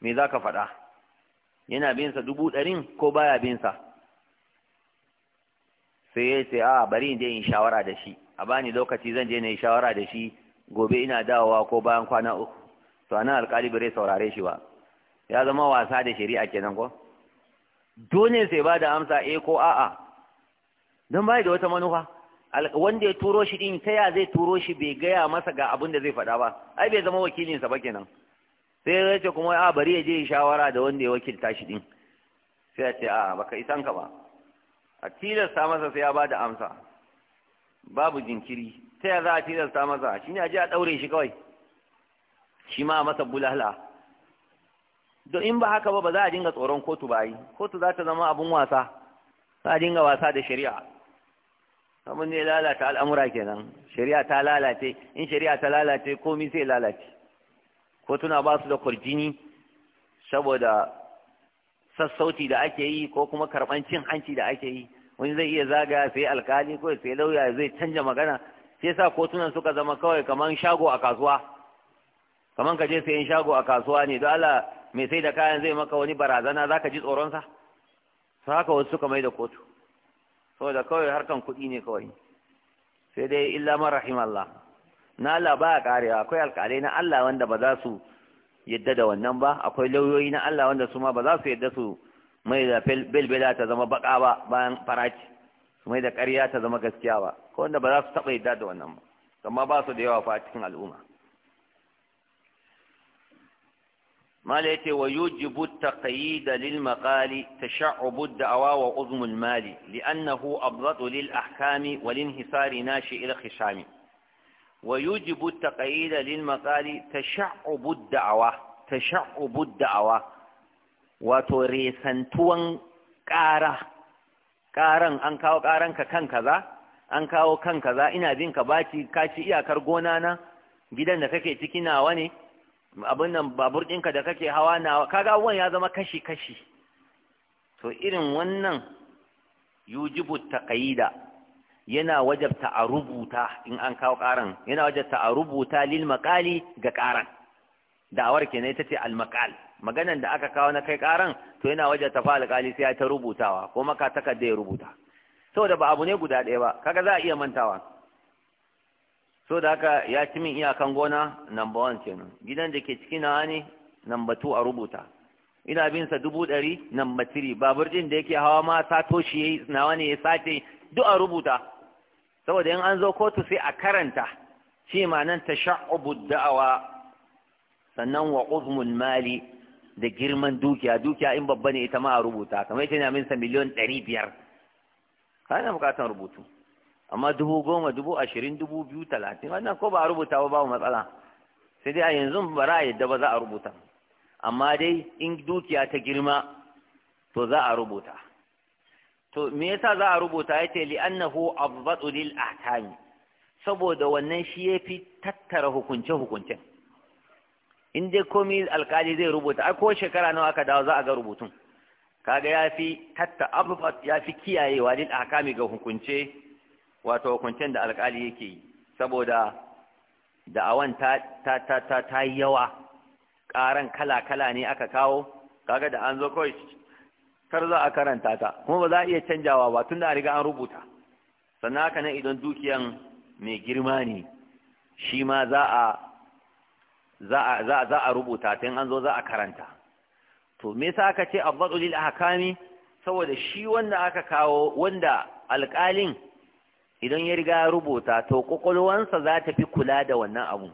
me za ka faɗa yana binsa dubu ɗarin ko baya binsa sai ya ce a bari in je in shawara da shi a bani lokaci zan je na yi shawara da shi gobe ina dawowa ko bayan kwana uku to anan alƙali bare saurare shi ba ya zama wasa da shari'a kenan ko dole sai ba da amsa eh ko a'a don bai da wata manufa wanda ya turo shi din ta ya zai turo shi bai gaya masa ga abin da zai faɗa ba ai bai zama wakilinsa ba kenan sai ya ce kuma a bari ya je shawara da wanda ya wakilta shi din sai ya ce a baka isan ka ba a tilasta masa sai ya ba da amsa babu jinkiri ta ya za a tilasta masa shi ne a je a ɗaure shi kawai shi ma a masa bulala don in ba haka ba ba za a dinga tsoron kotu ba yi kotu za ta zama abun wasa za a dinga wasa da shari'a abin da ya lalata al'amura kenan shari'a ta lalace in shari'a ta lalace komi sai lalace ko tuna ba su da kurjini saboda sassauci da ake yi ko kuma karɓan cin hanci da ake yi wani zai iya zagaya sai alkali ko sai lauya zai canja magana sai sa kotunan suka zama kawai kaman shago a kasuwa kaman ka je sayan shago a kasuwa ne don Allah mai sai da kayan zai maka wani barazana zaka ji tsoron sa haka wasu suka mai da kotu saboda kawai harkan kuɗi ne kawai sai dai illa man rahim Allah na Allah ba karewa akwai alƙalai na Allah wanda ba za su yadda da wannan ba akwai lauyoyi na Allah wanda su ma ba za su yadda su mai da belbela ta zama baka ba bayan faraci mai da ƙarya ta zama gaskiya ba ko wanda ba za su taɓa yadda da wannan ba amma ba su da yawa fa cikin al'umma mala yace wa yujibu taqyid lil maqali tasha'ub ad-da'wa wa uzm al-mali li'annahu abdatu lil ahkami wal inhisari nashi ila khishami wa yujibu taqyid lil maqali tasha'ub ad-da'wa tasha'ub ad-da'wa wato resantuwan ƙara ƙaran an kawo ƙaranka kan an kawo kan kaza ina bin ka baci iyakar gona na gidan da kake ciki nawa ne abin nan babur ɗinka da kake hawa na kaga abubuwan ya zama kashi-kashi to irin wannan yujibu taqayida yana wajabta a rubuta in an kawo ƙaran yana wajabta a rubuta lil maqali ga ƙaran da'awar kenan ita ce al maqal maganan da aka kawo na kai ƙaran to yana wajabta fa alƙali sai ya ta rubutawa ko maka takarda ya rubuta saboda ba abu ne guda ɗaya ba kaga za a iya mantawa so da haka ya ci min iyakan gona number one kenan gidan da ke ciki na ne number two a rubuta ina bin sa dubu ɗari number three babur ɗin da yake hawa ma ta toshi ya yi nawa ya sace duk a rubuta saboda in an zo kotu sai a karanta shi ma nan ta sha'ubu da'awa sannan wa uzmul mali da girman dukiya dukiya in babba ne ita ma a rubuta kamar ita ne min sa miliyon ɗari biyar kana bukatan rubutu amma dubu goma dubu ashirin dubu biyu talatin wannan ko ba a rubuta ba babu matsala sai dai a yanzu ba za a yadda ba za a rubuta amma dai in dukiya ta girma to za a rubuta to me yasa za a rubuta yace li annahu abdhu lil ahkami saboda wannan shi yafi tattara hukunce hukunce in dai komai alkali zai rubuta a ko shekara nawa aka dawo za a ga rubutun kaga yafi tatta abfat yafi kiyayewa lil ahkami ga hukunce wato hukuncin da alkali yake yi saboda da'awan ta yi yawa ƙaran kala-kala ne aka kawo kaga da an zo kawai kar za a karanta ta kuma ba za a iya canjawa ba tun da a riga an rubuta sannan haka nan idan dukiyan mai girma ne shi ma za a rubuta ta an zo za a karanta to me yasa aka ce a ahkami saboda shi wanda aka kawo wanda alƙalin idan ya riga ya rubuta to kwakwalwansa za ta fi kula da wannan abu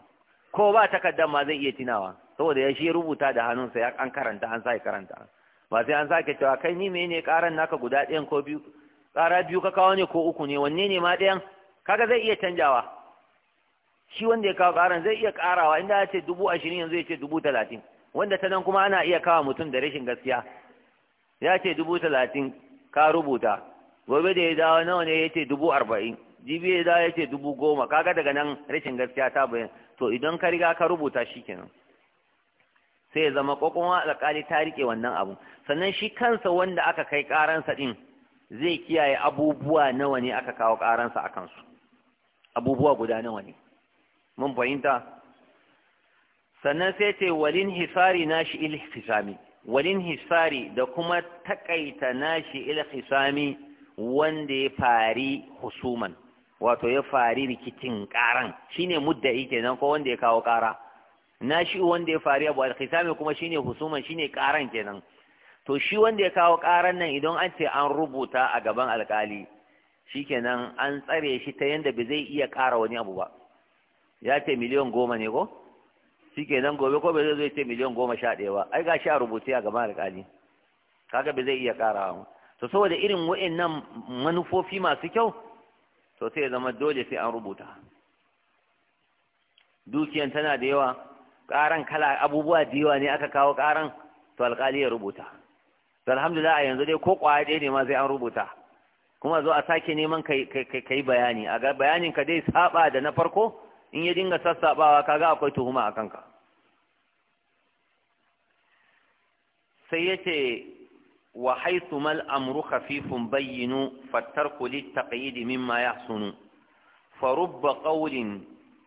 ko ba takardar ma zai iya tunawa saboda ya shi rubuta da hannunsa ya an karanta an sa karanta ba sai an sake cewa kai ni mene karan naka guda ɗayan ko biyu ƙara biyu ka kawo ne ko uku ne wanne ne ma ɗayan kaga zai iya canjawa shi wanda ya kawo ƙaran zai iya ƙarawa inda ya ce dubu ashirin yanzu ya ce dubu talatin wanda ta nan kuma ana iya kawo mutum da rashin gaskiya ya ce dubu talatin ka rubuta gobe da ya dawo nawa ne ya ce dubu arba'in jibi ya dawo ya ce dubu goma kaga daga nan rashin gaskiya ta bayan to idan ka riga ka rubuta shi kenan sai ya zama kokon alƙali ta riƙe wannan abu sannan shi kansa wanda aka kai ƙaransa ɗin zai kiyaye abubuwa nawa ne aka kawo ƙaransa a kansu abubuwa guda nawa ne mun fahimta sannan sai ce walin hisari nashi ilhisami walin hisari da kuma takaita nashi ilhisami wanda ya fari husuman wato ya fari rikicin karan shine mudda yake nan ko wanda ya kawo kara na shi wanda ya fari abu al kuma shine husuman shine karan kenan to shi wanda ya kawo karan nan idan an ce an rubuta a gaban alkali shikenan an tsare shi ta yanda ba zai iya kara wani abu ba ya ce miliyan goma ne ko shikenan gobe ko ba zai zo ya ce miliyan goma sha ɗaya ba ai ga shi a rubuce a gaban alkali kaga ba zai iya karawa to saboda irin wa'annan manufofi masu kyau to sai zama dole sai an rubuta dukiyan tana da yawa karan kala abubuwa da yawa ne aka kawo karan to alƙali ya rubuta to alhamdulillah a yanzu dai ko ƙwaya ɗaya ne ma sai an rubuta kuma zo a sake neman kai kai bayani a ga bayanin ka dai saba da na farko in ya dinga sassabawa kaga akwai tuhuma a kanka sai yace wa haythu mal amru khafifun bayyinu fattarku littaqyid mimma yahsunu فرب قول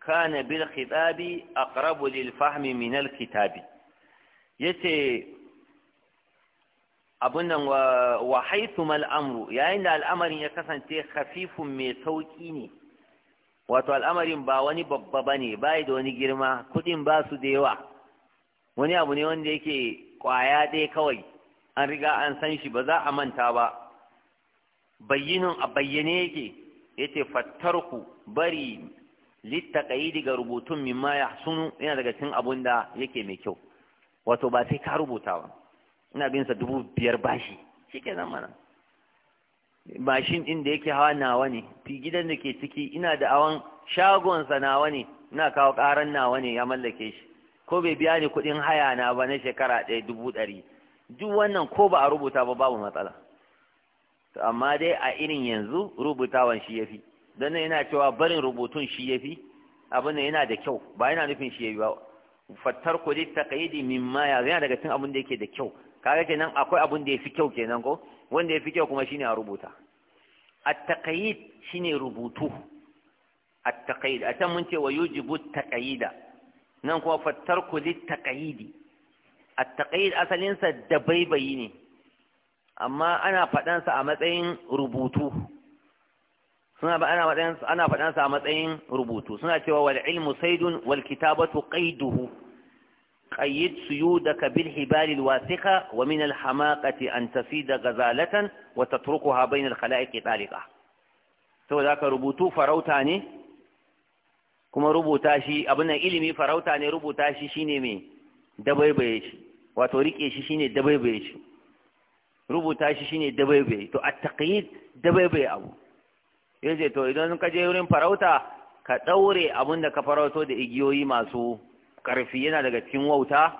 كان بالخطاب أقرب للفهم من الكتاب yace abun nan wa haithu mal amru yayin da al'amarin ya kasance khafifun mai sauƙi ne wato al'amarin ba wani babba bane bai da wani girma kuɗin ba su da yawa wani abu ne wanda yake kwaya ɗaya kawai an riga an san shi ba za a manta ba bayyinin a bayyane yake yace fattarku bari littaqayi daga rubutun mimma ya sunu yana daga cikin abun da yake mai kyau wato ba sai ka rubuta ba ina bin sa dubu biyar bashi shikenan mana bashin din da yake hawa nawa ne fi gidan da ke ciki ina da awan shagon sa nawa ne ina kawo karan nawa ne ya mallake shi ko bai biya ni kuɗin haya na ba na shekara ɗaya dubu ɗari duk wannan ko ba a rubuta ba babu matsala to amma dai a irin yanzu rubutawan shi yafi don nan yana cewa barin rubutun shi yafi abin nan yana da kyau ba yana nufin shi yafi ba fattar ku dai taqayidi mimma ya yana daga cikin abin da yake da kyau kaga kenan akwai abin da yafi kyau kenan ko wanda yafi kyau kuma shine a rubuta at-taqayid shine rubutu at-taqayid a can mun ce wa yujibu at nan kuma fattar ku lit-taqayidi at asalinsa da baibayi ne amma ana faɗansa a matsayin rubutu suna ana faɗansa a matsayin rubutu suna cewa wal ilmu wal'kitabatu wal kitabatu qayduhu qayyid suyudaka bil hibalil wasiqa wa min al hamaqati an tasida ghazalatan wa tatrukuha bayna al khalaiqi taliqa saboda haka rubutu farauta ne kuma abin nan ilimi farauta ne rubuta shi shine me dabaibaye shi wato rike shi shine dabaibaye shi rubuta shi shine dabaibaye to at-taqyid dabaibaye abu yace to idan ka je wurin farauta ka daure abin da ka farauto da igiyoyi masu karfi yana daga cikin wauta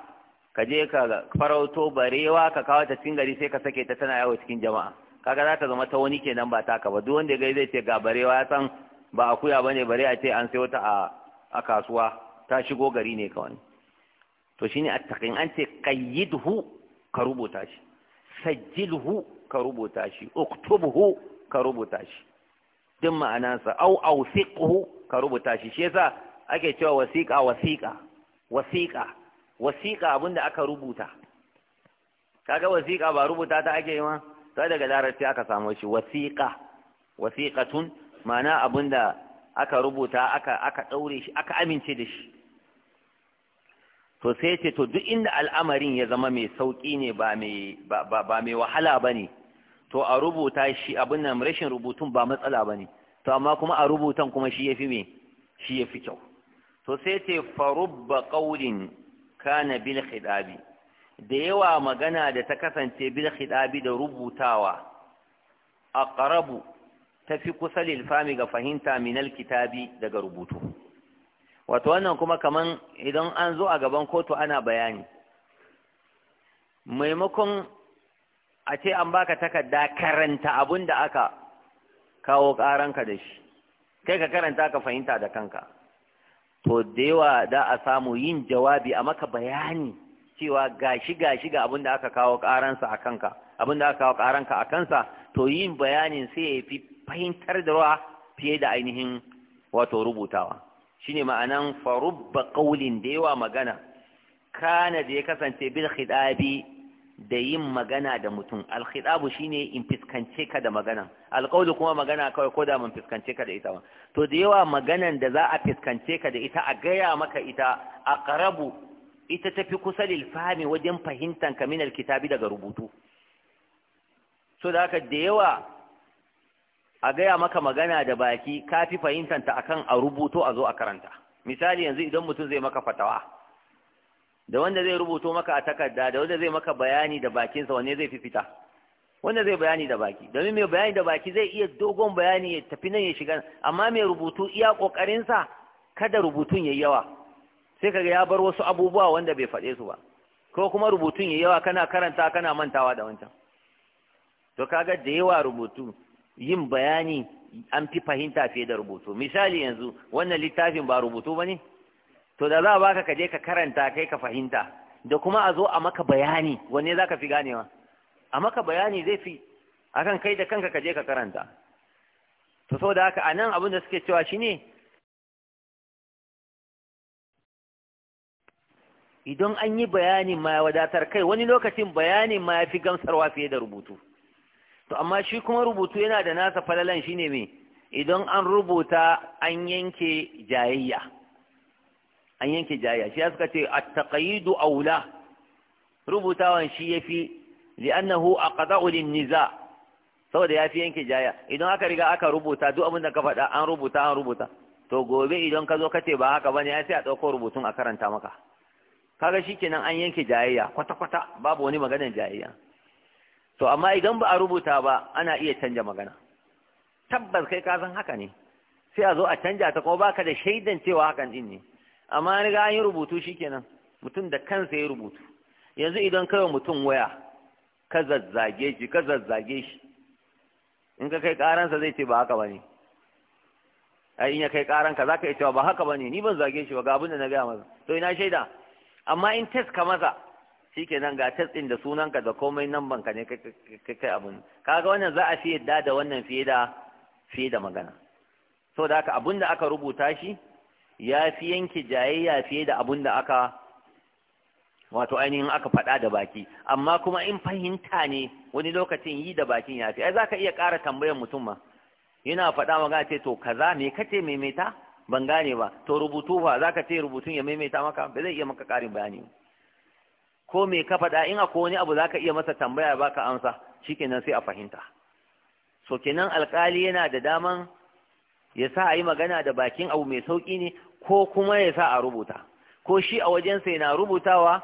ka je ka farauto barewa ka kawo ta cikin gari sai ka sake ta tana yawo cikin jama'a kaga za ta zama ta wani kenan ba taka ba duk wanda ga zai ce ga barewa ya san ba akuya bane bare a ce an sayo ta a kasuwa ta shigo gari ne kawai to shine attaqin an ce qayyidhu ka rubuta shi sajjilhu ka rubuta shi uktubhu ka rubuta shi din ma'anansa au ausiqhu ka rubuta shi shi yasa ake cewa wasiqa wasiqa wasiqa wasiqa abinda aka rubuta kaga wasiqa ba rubuta ta ake yi ma sai daga larabci aka samu shi wasiqa wasiqatun ma'ana abinda aka rubuta aka aka daure shi aka amince da shi to sai ce to duk inda al'amarin ya zama mai sauƙi ne ba mai wahala ba ne to a rubuta shi abin nan rashin rubutun ba matsala ba ne to amma kuma a rubutan kuma shi ya fi shi ya kyau to sai ce farubba ƙaurin kana bil khidabi da yawa magana da ta kasance bil khidabi da rubutawa aqrabu tafi kusa lil ga fahimta min kitabi daga rubutu wato wannan kuma kaman idan an zo a gaban kotu ana bayani maimakon a ce an baka takarda karanta abun da aka kawo karanka da shi kai ka karanta ka fahimta da kanka to da yawa da a samu yin jawabi a maka bayani cewa gashi gashi ga abin da aka kawo karansa a kanka abun da aka kawo karanka a kansa to yin bayanin sai ya fi fahimtar da ruwa fiye da ainihin wato rubutawa shine ma'anan farubba qaulin da yawa magana kana da ya kasance bil khidabi da yin magana da mutum al khidabu shine in fiskance ka da magana al kuma magana kawai ko da mun fiskance ka da ita ba to da yawa maganan da za a fiskance ka da ita a gaya maka ita a aqrabu ita tafi kusa lil wajen fahimtan ka kitabi daga rubutu so da haka da yawa a gaya maka magana da baki ka fi fahimtanta akan a rubuto a zo a karanta misali yanzu idan mutum zai maka fatawa da wanda zai rubuto maka a takarda da wanda zai maka bayani da bakinsa wanne zai fi fita wanda zai bayani da baki domin mai bayani da baki zai iya dogon bayani ya tafi nan ya shiga amma mai rubutu iya ƙoƙarinsa? kada rubutun yayi yawa sai kaga ya bar wasu abubuwa wanda bai faɗe su ba ko kuma rubutun yayi yawa kana karanta kana mantawa da wancan to kaga da yawa rubutu yin bayani an fi fahimta fiye da rubutu misali yanzu wannan littafin ba rubutu ba ne to da za a baka kaje ka karanta kai ka fahimta da kuma a zo a maka bayani wanne za ka fi ganewa a maka bayani zai fi akan kai da kanka kaje ka karanta to saboda haka anan abin da suke cewa shi ne? idan an yi bayanin ma ya wadatar kai wani lokacin bayanin ma ya fi gamsarwa fiye da rubutu to amma shi kuma rubutu yana da nasa falalan shine me idan an rubuta an yanke jayayya an yanke jayayya shi ya suka ce a taqayidu aula rubutawan shi ya fi yafi li'annahu a lin-niza saboda ya fi yanke jayayya idan aka riga aka rubuta duk abin da ka faɗa an rubuta an rubuta to gobe idan ka zo ka ce ba haka ne ya sai a ɗauko rubutun a karanta maka kaga shi kenan an yanke jayayya kwata-kwata babu wani maganar jayayya to amma idan ba a rubuta ba ana iya canja magana tabbas kai ka san haka ne sai a zo a canja ta kuma baka da shaidan cewa hakan din ne amma an riga an yi rubutu shikenan mutum da kansa ya rubutu yanzu idan kai mutum waya ka zazzage shi ka zazzage shi in ka kai karansa zai ce ba haka bane ai in ya kai karanka ka iya cewa ba haka bane ni ban zage shi ba ga abin da na gaya masa to ina shaida amma in test ka masa nan ga tatsin da sunanka da komai nan banka ne kai kai abun kaga wannan za a fi yadda da wannan fiye da fiye da magana so da haka abun da aka rubuta shi ya fi yanke jayayya fiye da abun da aka wato ainihin aka faɗa da baki amma kuma in fahimta ne wani lokacin yi da bakin ya fi ai za ka iya ƙara tambayar mutum ma yana faɗa magana ce to kaza me ka ce maimaita ban gane ba to rubutu ba za ka ce rubutun ya maimaita maka ba zai iya maka ƙarin bayani ba ko me ka faɗa in akwai wani abu zaka iya masa tambaya baka amsa shi kenan sai a fahimta so kenan alkali yana da daman ya sa a yi magana da bakin abu mai sauƙi ne ko kuma ya sa a rubuta ko shi a wajensa yana rubutawa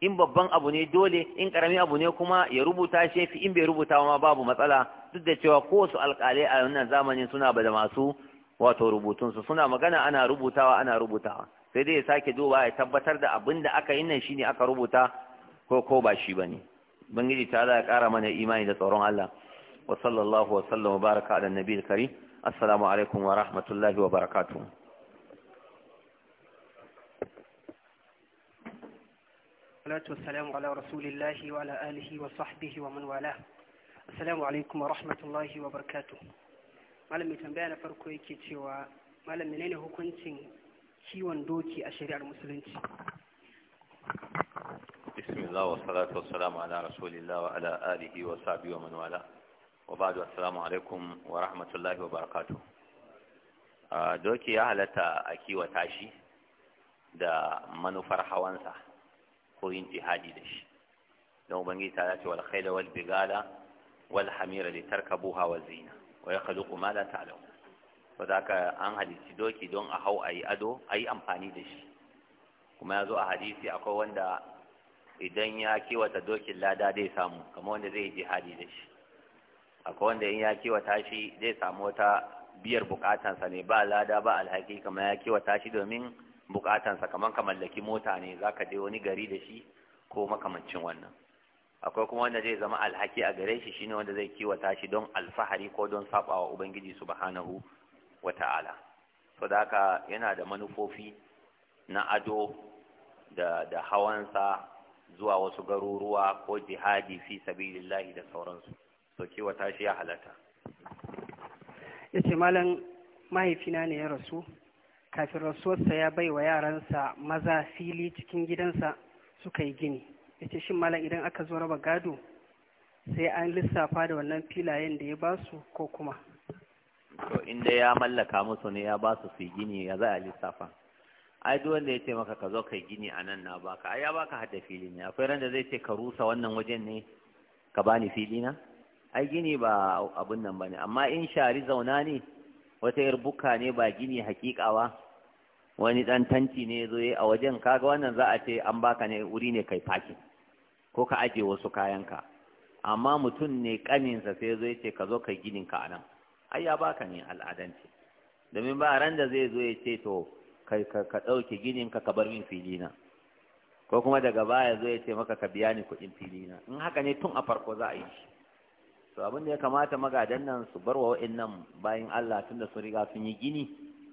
in babban abu ne dole in ƙaramin abu ne kuma ya rubuta shi fi in bai rubuta ma babu matsala duk da cewa ko su alƙalai a wannan zamanin suna ba da masu wato rubutunsu suna magana ana rubutawa ana rubutawa sai dai ya sake duba ya tabbatar da abin da aka yi nan shine aka rubuta ko ko ba shi bane Bangiji ta Allah ya kara mana imani da tsoron Allah wa sallallahu wa sallam wa baraka da nabiyil karim assalamu alaikum wa rahmatullahi wa barakatuh salatu wassalamu ala rasulillahi wa ala alihi wa sahbihi wa man wala assalamu alaikum wa rahmatullahi wa barakatuh malam tambaya na farko yake cewa malam menene hukuncin kiwon doki a shari'ar musulunci bismillah wa salatu wa salamu ala rasulillah wa ala alihi wa sabi wa manuwala wa ba'du assalamu alaikum wa rahmatullahi wa barakatu doki ya halatta a kiwa tashi da manufar hawansa ko yin jihadi da shi don ubangiji ta dace wal khayla wal bigala wal hamira litarkabuha wa zina wa yakhluqu ma la ta'lamun saboda haka an hadisi doki don a hau a yi ado a yi amfani da shi kuma ya zo a hadisi akwai wanda idan ya kiwata dokin lada zai samu kamar wanda zai hadi da shi akwai wanda in ya kiwata shi zai samu wata biyar bukatansa ne ba lada ba alhaki kamar ya kiwata shi domin bukatansa kamar ka mallaki mota ne za ka je wani gari da shi ko makamancin wannan akwai kuma wanda zai zama alhaki a gare shi shine wanda zai kiwata shi don alfahari ko don sabawa ubangiji subhanahu wa ta'ala so da haka yana da manufofi na ado da da hawansa zuwa wasu garuruwa ko jihadi fi sabilillahi da sauransu so kiwata shi ya Ya yace malam mahaifina ne ya rasu kafin rasuwarsa ya bai wa yaransa maza fili cikin gidansa suka yi gini yace shin malam idan aka zo raba gado sai an lissafa da wannan filayen da ya basu ko kuma to inda ya mallaka musu ne ya ba su su gini ya za a lissafa ai duk wanda ya ce maka ka zo kai gini a nan na baka ai ya baka hadda fili ne akwai ran zai ce ka rusa wannan wajen ne ka bani fili na ai gini ba abun nan bane amma in shari zauna ne wata yar buka ne ba gini hakika ba? wani dan tanti ne zo a wajen kaga wannan za a ce an baka ne wuri ne kai faki ko ka aje wasu kayanka amma mutum ne kaninsa sai zo ya ce ka zo kai ginin ka a nan ai ya baka ne al'adance domin ba ran da zai zo ya ce to ka ɗauke ginin ka ka bar min filina ko kuma daga baya zo ya ce maka ka biya ni kuɗin filina in haka ne tun a farko za a yi shi to abin da ya kamata magadan nan su bar wa wa'annan bayan Allah tun da sun riga sun yi gini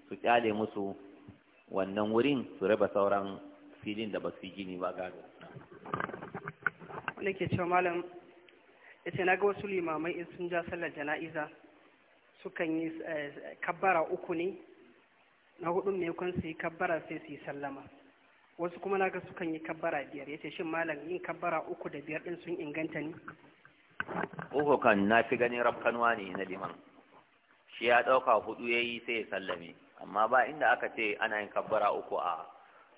su kyale musu wannan wurin su raba sauran filin da ba su yi gini ba gado wani ke cewa malam ya ce na ga wasu limamai in sun ja sallar jana'iza sukan yi eh, kabbara uku ne na hudu ne kun su yi kabbara sai su yi sallama wasu kuma naga sukan yi kabbara biyar yace shin malam yin kabbara uku da biyar din sun inganta ne uku kan na fi ganin rafkanwa ne na liman shi ya dauka hudu yayi sai ya sallame amma ba inda aka ce ana yin kabbara uku a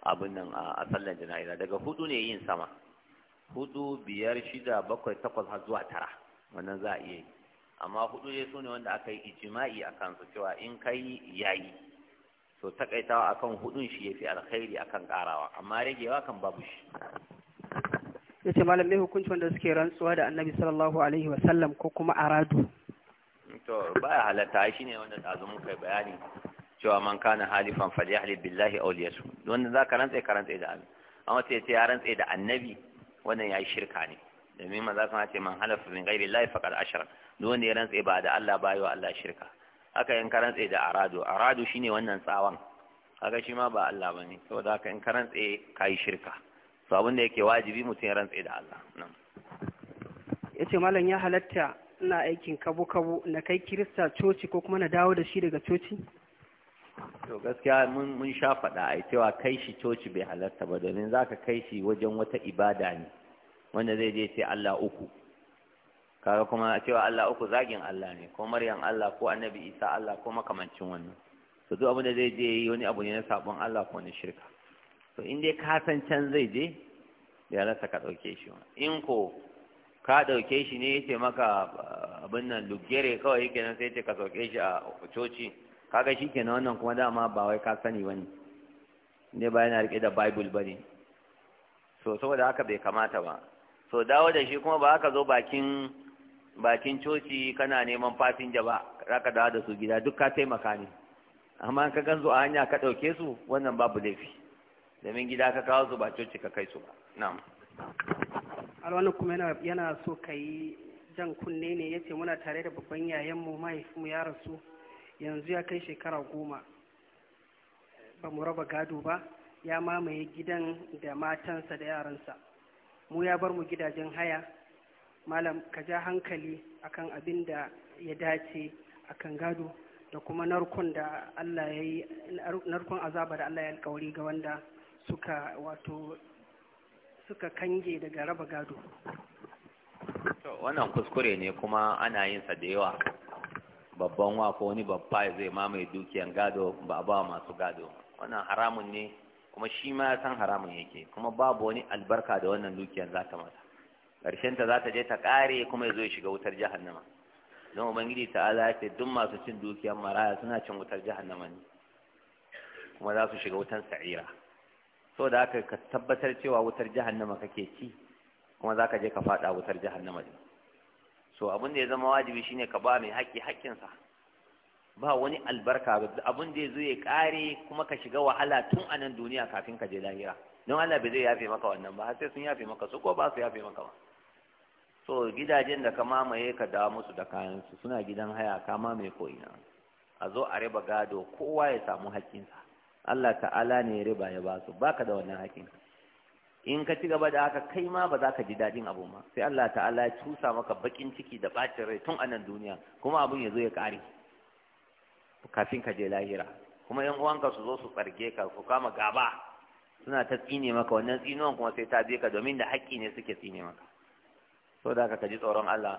abin nan a sallan jana'iza daga hudu ne yin sama hudu biyar shida bakwai takwas har zuwa tara wannan za a iya yi amma hudu dai su ne wanda aka yi ijima'i a kansu cewa in ka yi yayi to takaitawa akan hudun shi ya fi alkhairi akan karawa amma ragewa kan babu shi ya ce malam mai hukunci wanda suke rantsuwa da annabi sallallahu alaihi wa sallam ko kuma aradu to baya halatta shi ne wanda zo muka bayani cewa man kana halifan falyahlib billahi aw liyasu wanda za ka rantsa ka rantsa da Allah amma sai sai ya rantsa da annabi wannan yayi shirka ne domin maza sun ce man halafa min ghairi llahi faqad ashrak duk wanda ya ba da Allah ba wa Allah shirka haka in ka da arado arado shine wannan tsawon kaga shi ma ba Allah bane saboda haka in ka rantse kai shirka to abin da yake wajibi mutum ya rantse da Allah nan yace mallan ya halatta ina aikin kabu kabu na kai kirista coci ko kuma na dawo da shi daga coci to gaskiya mun mun sha faɗa ai cewa kai shi coci bai halatta ba domin zaka kai shi wajen wata ibada ne wanda zai je sai Allah uku kaga kuma cewa Allah uku zagin Allah ne ko Maryam Allah ko Annabi Isa Allah ko makamancin wannan to duk abin da zai je yi wani abu ne na sabon Allah ko na shirka to in dai ka san can zai je ya rasa ka dauke shi in ko ka dauke shi ne yace maka uh, abin nan lugere kawai yake nan sai yace ka sauke shi a coci kaga shi kenan wannan kuma dama ba wai ka sani bane ne ba yana rike da bible bane so saboda haka bai kamata ba so dawo da shi kuma ba haka zo bakin bakin coci kana neman fasinja ba raka dawo da su gida duk ka taimaka ne amma ka gan zuwa hanya ka ɗauke su wannan babu laifi domin gida ka kawo su ba coci ka kai su ba na'am alwani kuma yana so ka yi jan kunne ne yace muna tare da babban yayan yayanmu mahaifinmu ya rasu yanzu ya kai shekara goma ba mu raba gado ba ya mamaye gidan da matansa da yaransa mu ya bar mu gidajen haya malam ka ja hankali akan abin da ya dace akan gado da kuma narkon da Allah ya yi narkon azaba da Allah ya alkawari ga wanda suka wato suka kange daga raba gado wannan kuskure ne kuma ana yin sa da yawa babban wa ko wani babba zai mamaye dukiyan gado ba ba masu gado wannan haramun ne kuma shi ma san haramun yake kuma babu wani albarka da wannan dukiyan za ta mata karshen ta za ta je ta kare kuma ya zo ya shiga wutar jahannama don ubangiji ta ala ce duk masu cin dukiyar maraya suna cin wutar jahannama ne kuma za su shiga wutan sa'ira so da aka ka tabbatar cewa wutar jahannama kake ci kuma za ka je ka fada wutar jahannama ne, so abin da ya zama wajibi shine ka ba mai haƙƙi haƙƙinsa ba wani albarka ba abin da ya zo ya kare kuma ka shiga wahala tun a nan duniya kafin ka je lahira don Allah bai zai yafe maka wannan ba har sai sun yafe maka su ko ba su yafe maka ba so gidajen da ka mamaye ka dawo musu da kayansu suna gidan haya kama mai ko'ina. a zo a riba gado kowa ya samu haƙƙinsa Allah ta'ala ne ya riba ya basu baka da wannan haƙƙin in ka ci gaba da haka kai ma ba za ka ji daɗin abu ma sai Allah ta'ala ya cusa maka baƙin ciki da ɓacin rai tun anan duniya kuma abin ya zo ya ƙare kafin ka je lahira kuma yan uwanka su zo su tsarge ka su kama gaba suna ta tsine maka wannan tsinuwan kuma sai ta bi ka domin da haƙƙi ne suke tsine maka so da ka ji tsoron Allah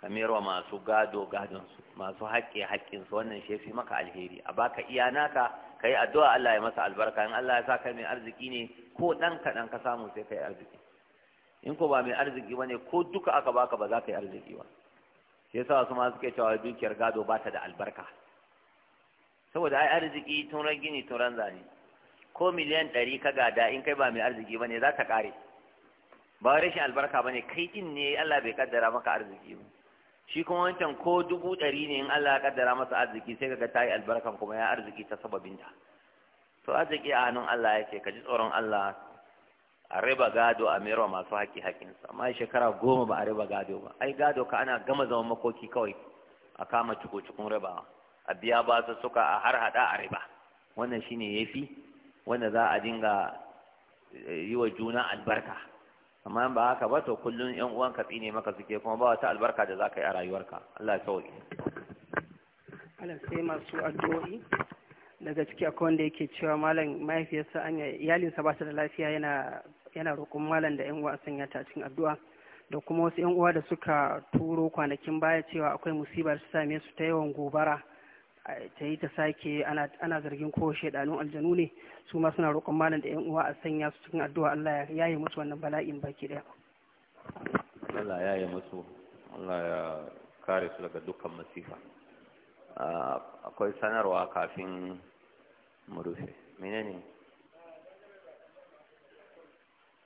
ka wa masu gado gadonsu masu haƙƙi su wannan shi fi maka alheri a baka iya naka ka yi addu'a Allah ya masa albarka in Allah ya sa ka mai arziki ne ko ɗan kaɗan ka samu sai ka yi arziki in ko ba mai arziki ba ne ko duka aka baka ba za ka yi arziki ba shi yasa wasu masu ke cewa dukiyar gado ba ta da albarka saboda ai arziki tun ran gini tun ran zane ko miliyan ɗari ka gada in kai ba mai arziki ba ne za ta ƙare ba rashin albarka ne kai din ne Allah bai kaddara maka arziki ba shi kuma wancan ko dubu ɗari ne in Allah ya kaddara masa arziki sai kaga tayi albarkan kuma ya arziki ta sababin ta to arziki a hannun Allah ce ka ji tsoron Allah a riba gado a mayarwa masu haƙi haƙinsa amma shekara goma ba a riba gado ba ai gado ka ana gama zaman makoki kawai a kama cuku-cukun riba a biya ba su suka a har hada a riba wannan shine yafi wanda za a dinga eh, yi wa juna albarka amma ba haka ba to kullun yan uwan ka tsine maka suke kuma ba wata albarka da zaka yi a rayuwarka Allah ya sauke Allah sai masu addu'o'i daga ciki akwai wanda yake cewa malam mahaifiyarsa anya iyalinsa ba ta da lafiya yana yana roƙon malam da yan uwa a ya ta cikin addu'a da kuma wasu yan uwa da suka turo kwanakin baya cewa akwai musibar su same su ta yawan gobara ta yi ta sake ana zargin ko shaidanun aljanu ne su ma suna roƙon malam da 'yan uwa a sanya su cikin addu'a Allah ya yi musu wannan bala'in baki daya Allah ya yi musu Allah ya kare su daga dukkan masifa akwai sanarwa kafin mu rufe menene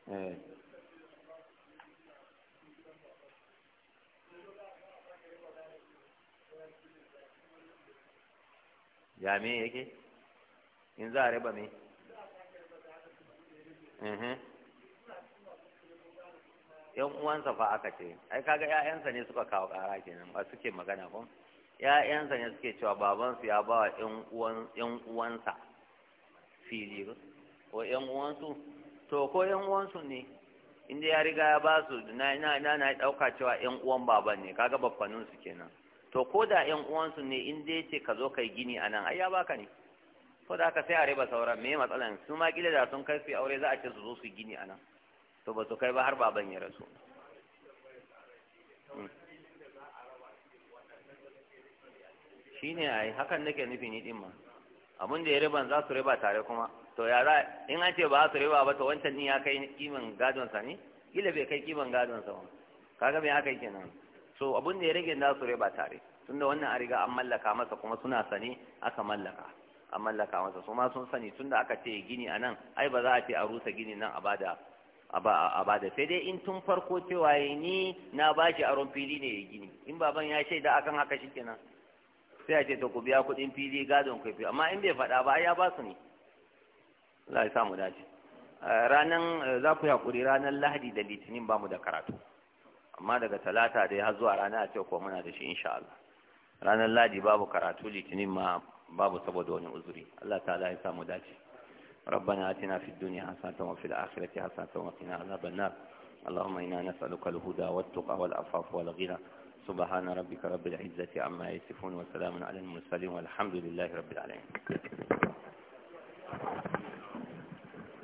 eh ya ke, yake in za a riba me mhm. yan uwansa fa aka ce ai kaga ƴaƴansa ne suka kawo ƙara kenan ba suke magana ko ƴaƴansa ne suke cewa su ya ba wa ƴan uwansa fili ko ƴan uwansu to ko ƴan uwansu ne inda ya riga ya ba su na na na ɗauka cewa ƴan uwan baban ne kaga bafaninsu su kenan to ko da ƴan uwansu ne in dai ce ka zo kai gini a nan ai ya baka ne ko da haka sai a riba sauran me matsalan su ma kila da sun kai su aure za a ce su zo su gini a nan to ba su kai ba har baban ya rasu a hmm. yi hakan nake nufi ni ɗin ma abin da ya riban za su riba tare kuma to ya za in an ce ba su riba ba to wancan ni ya kai kiman gadon sa ne kila bai kai kiman gadon sa ba kaga me haka nan. so abun da ya rage su ba tare tunda wannan a riga an mallaka masa kuma suna sani aka mallaka an mallaka masa su ma sun sani tunda aka ce gini a nan ai ba za a ce a rusa gini nan a bada sai dai in tun farko cewa ya ni na ba shi aron fili ne ya gini in baban ya shaida akan haka shi kenan sai a ce to ku biya kuɗin fili gadon ku amma in bai faɗa ba ya ba su ne Allah ya samu dace eh, ranan eh, za ku yi hakuri ranar lahadi da litinin ba mu da karatu amma daga talata da ya zuwa rana a ce ko muna da shi insha Allah ranar ladi babu karatu litinin ma babu saboda wani uzuri Allah ta'ala ya samu dace ربنا آتنا في الدنيا حسنة وفي الآخرة حسنة وقنا عذاب النار اللهم إنا نسألك الهدى والتقى والعفاف والغنى سبحان ربك رب العزة عما يصفون وسلام على المرسلين والحمد لله رب العالمين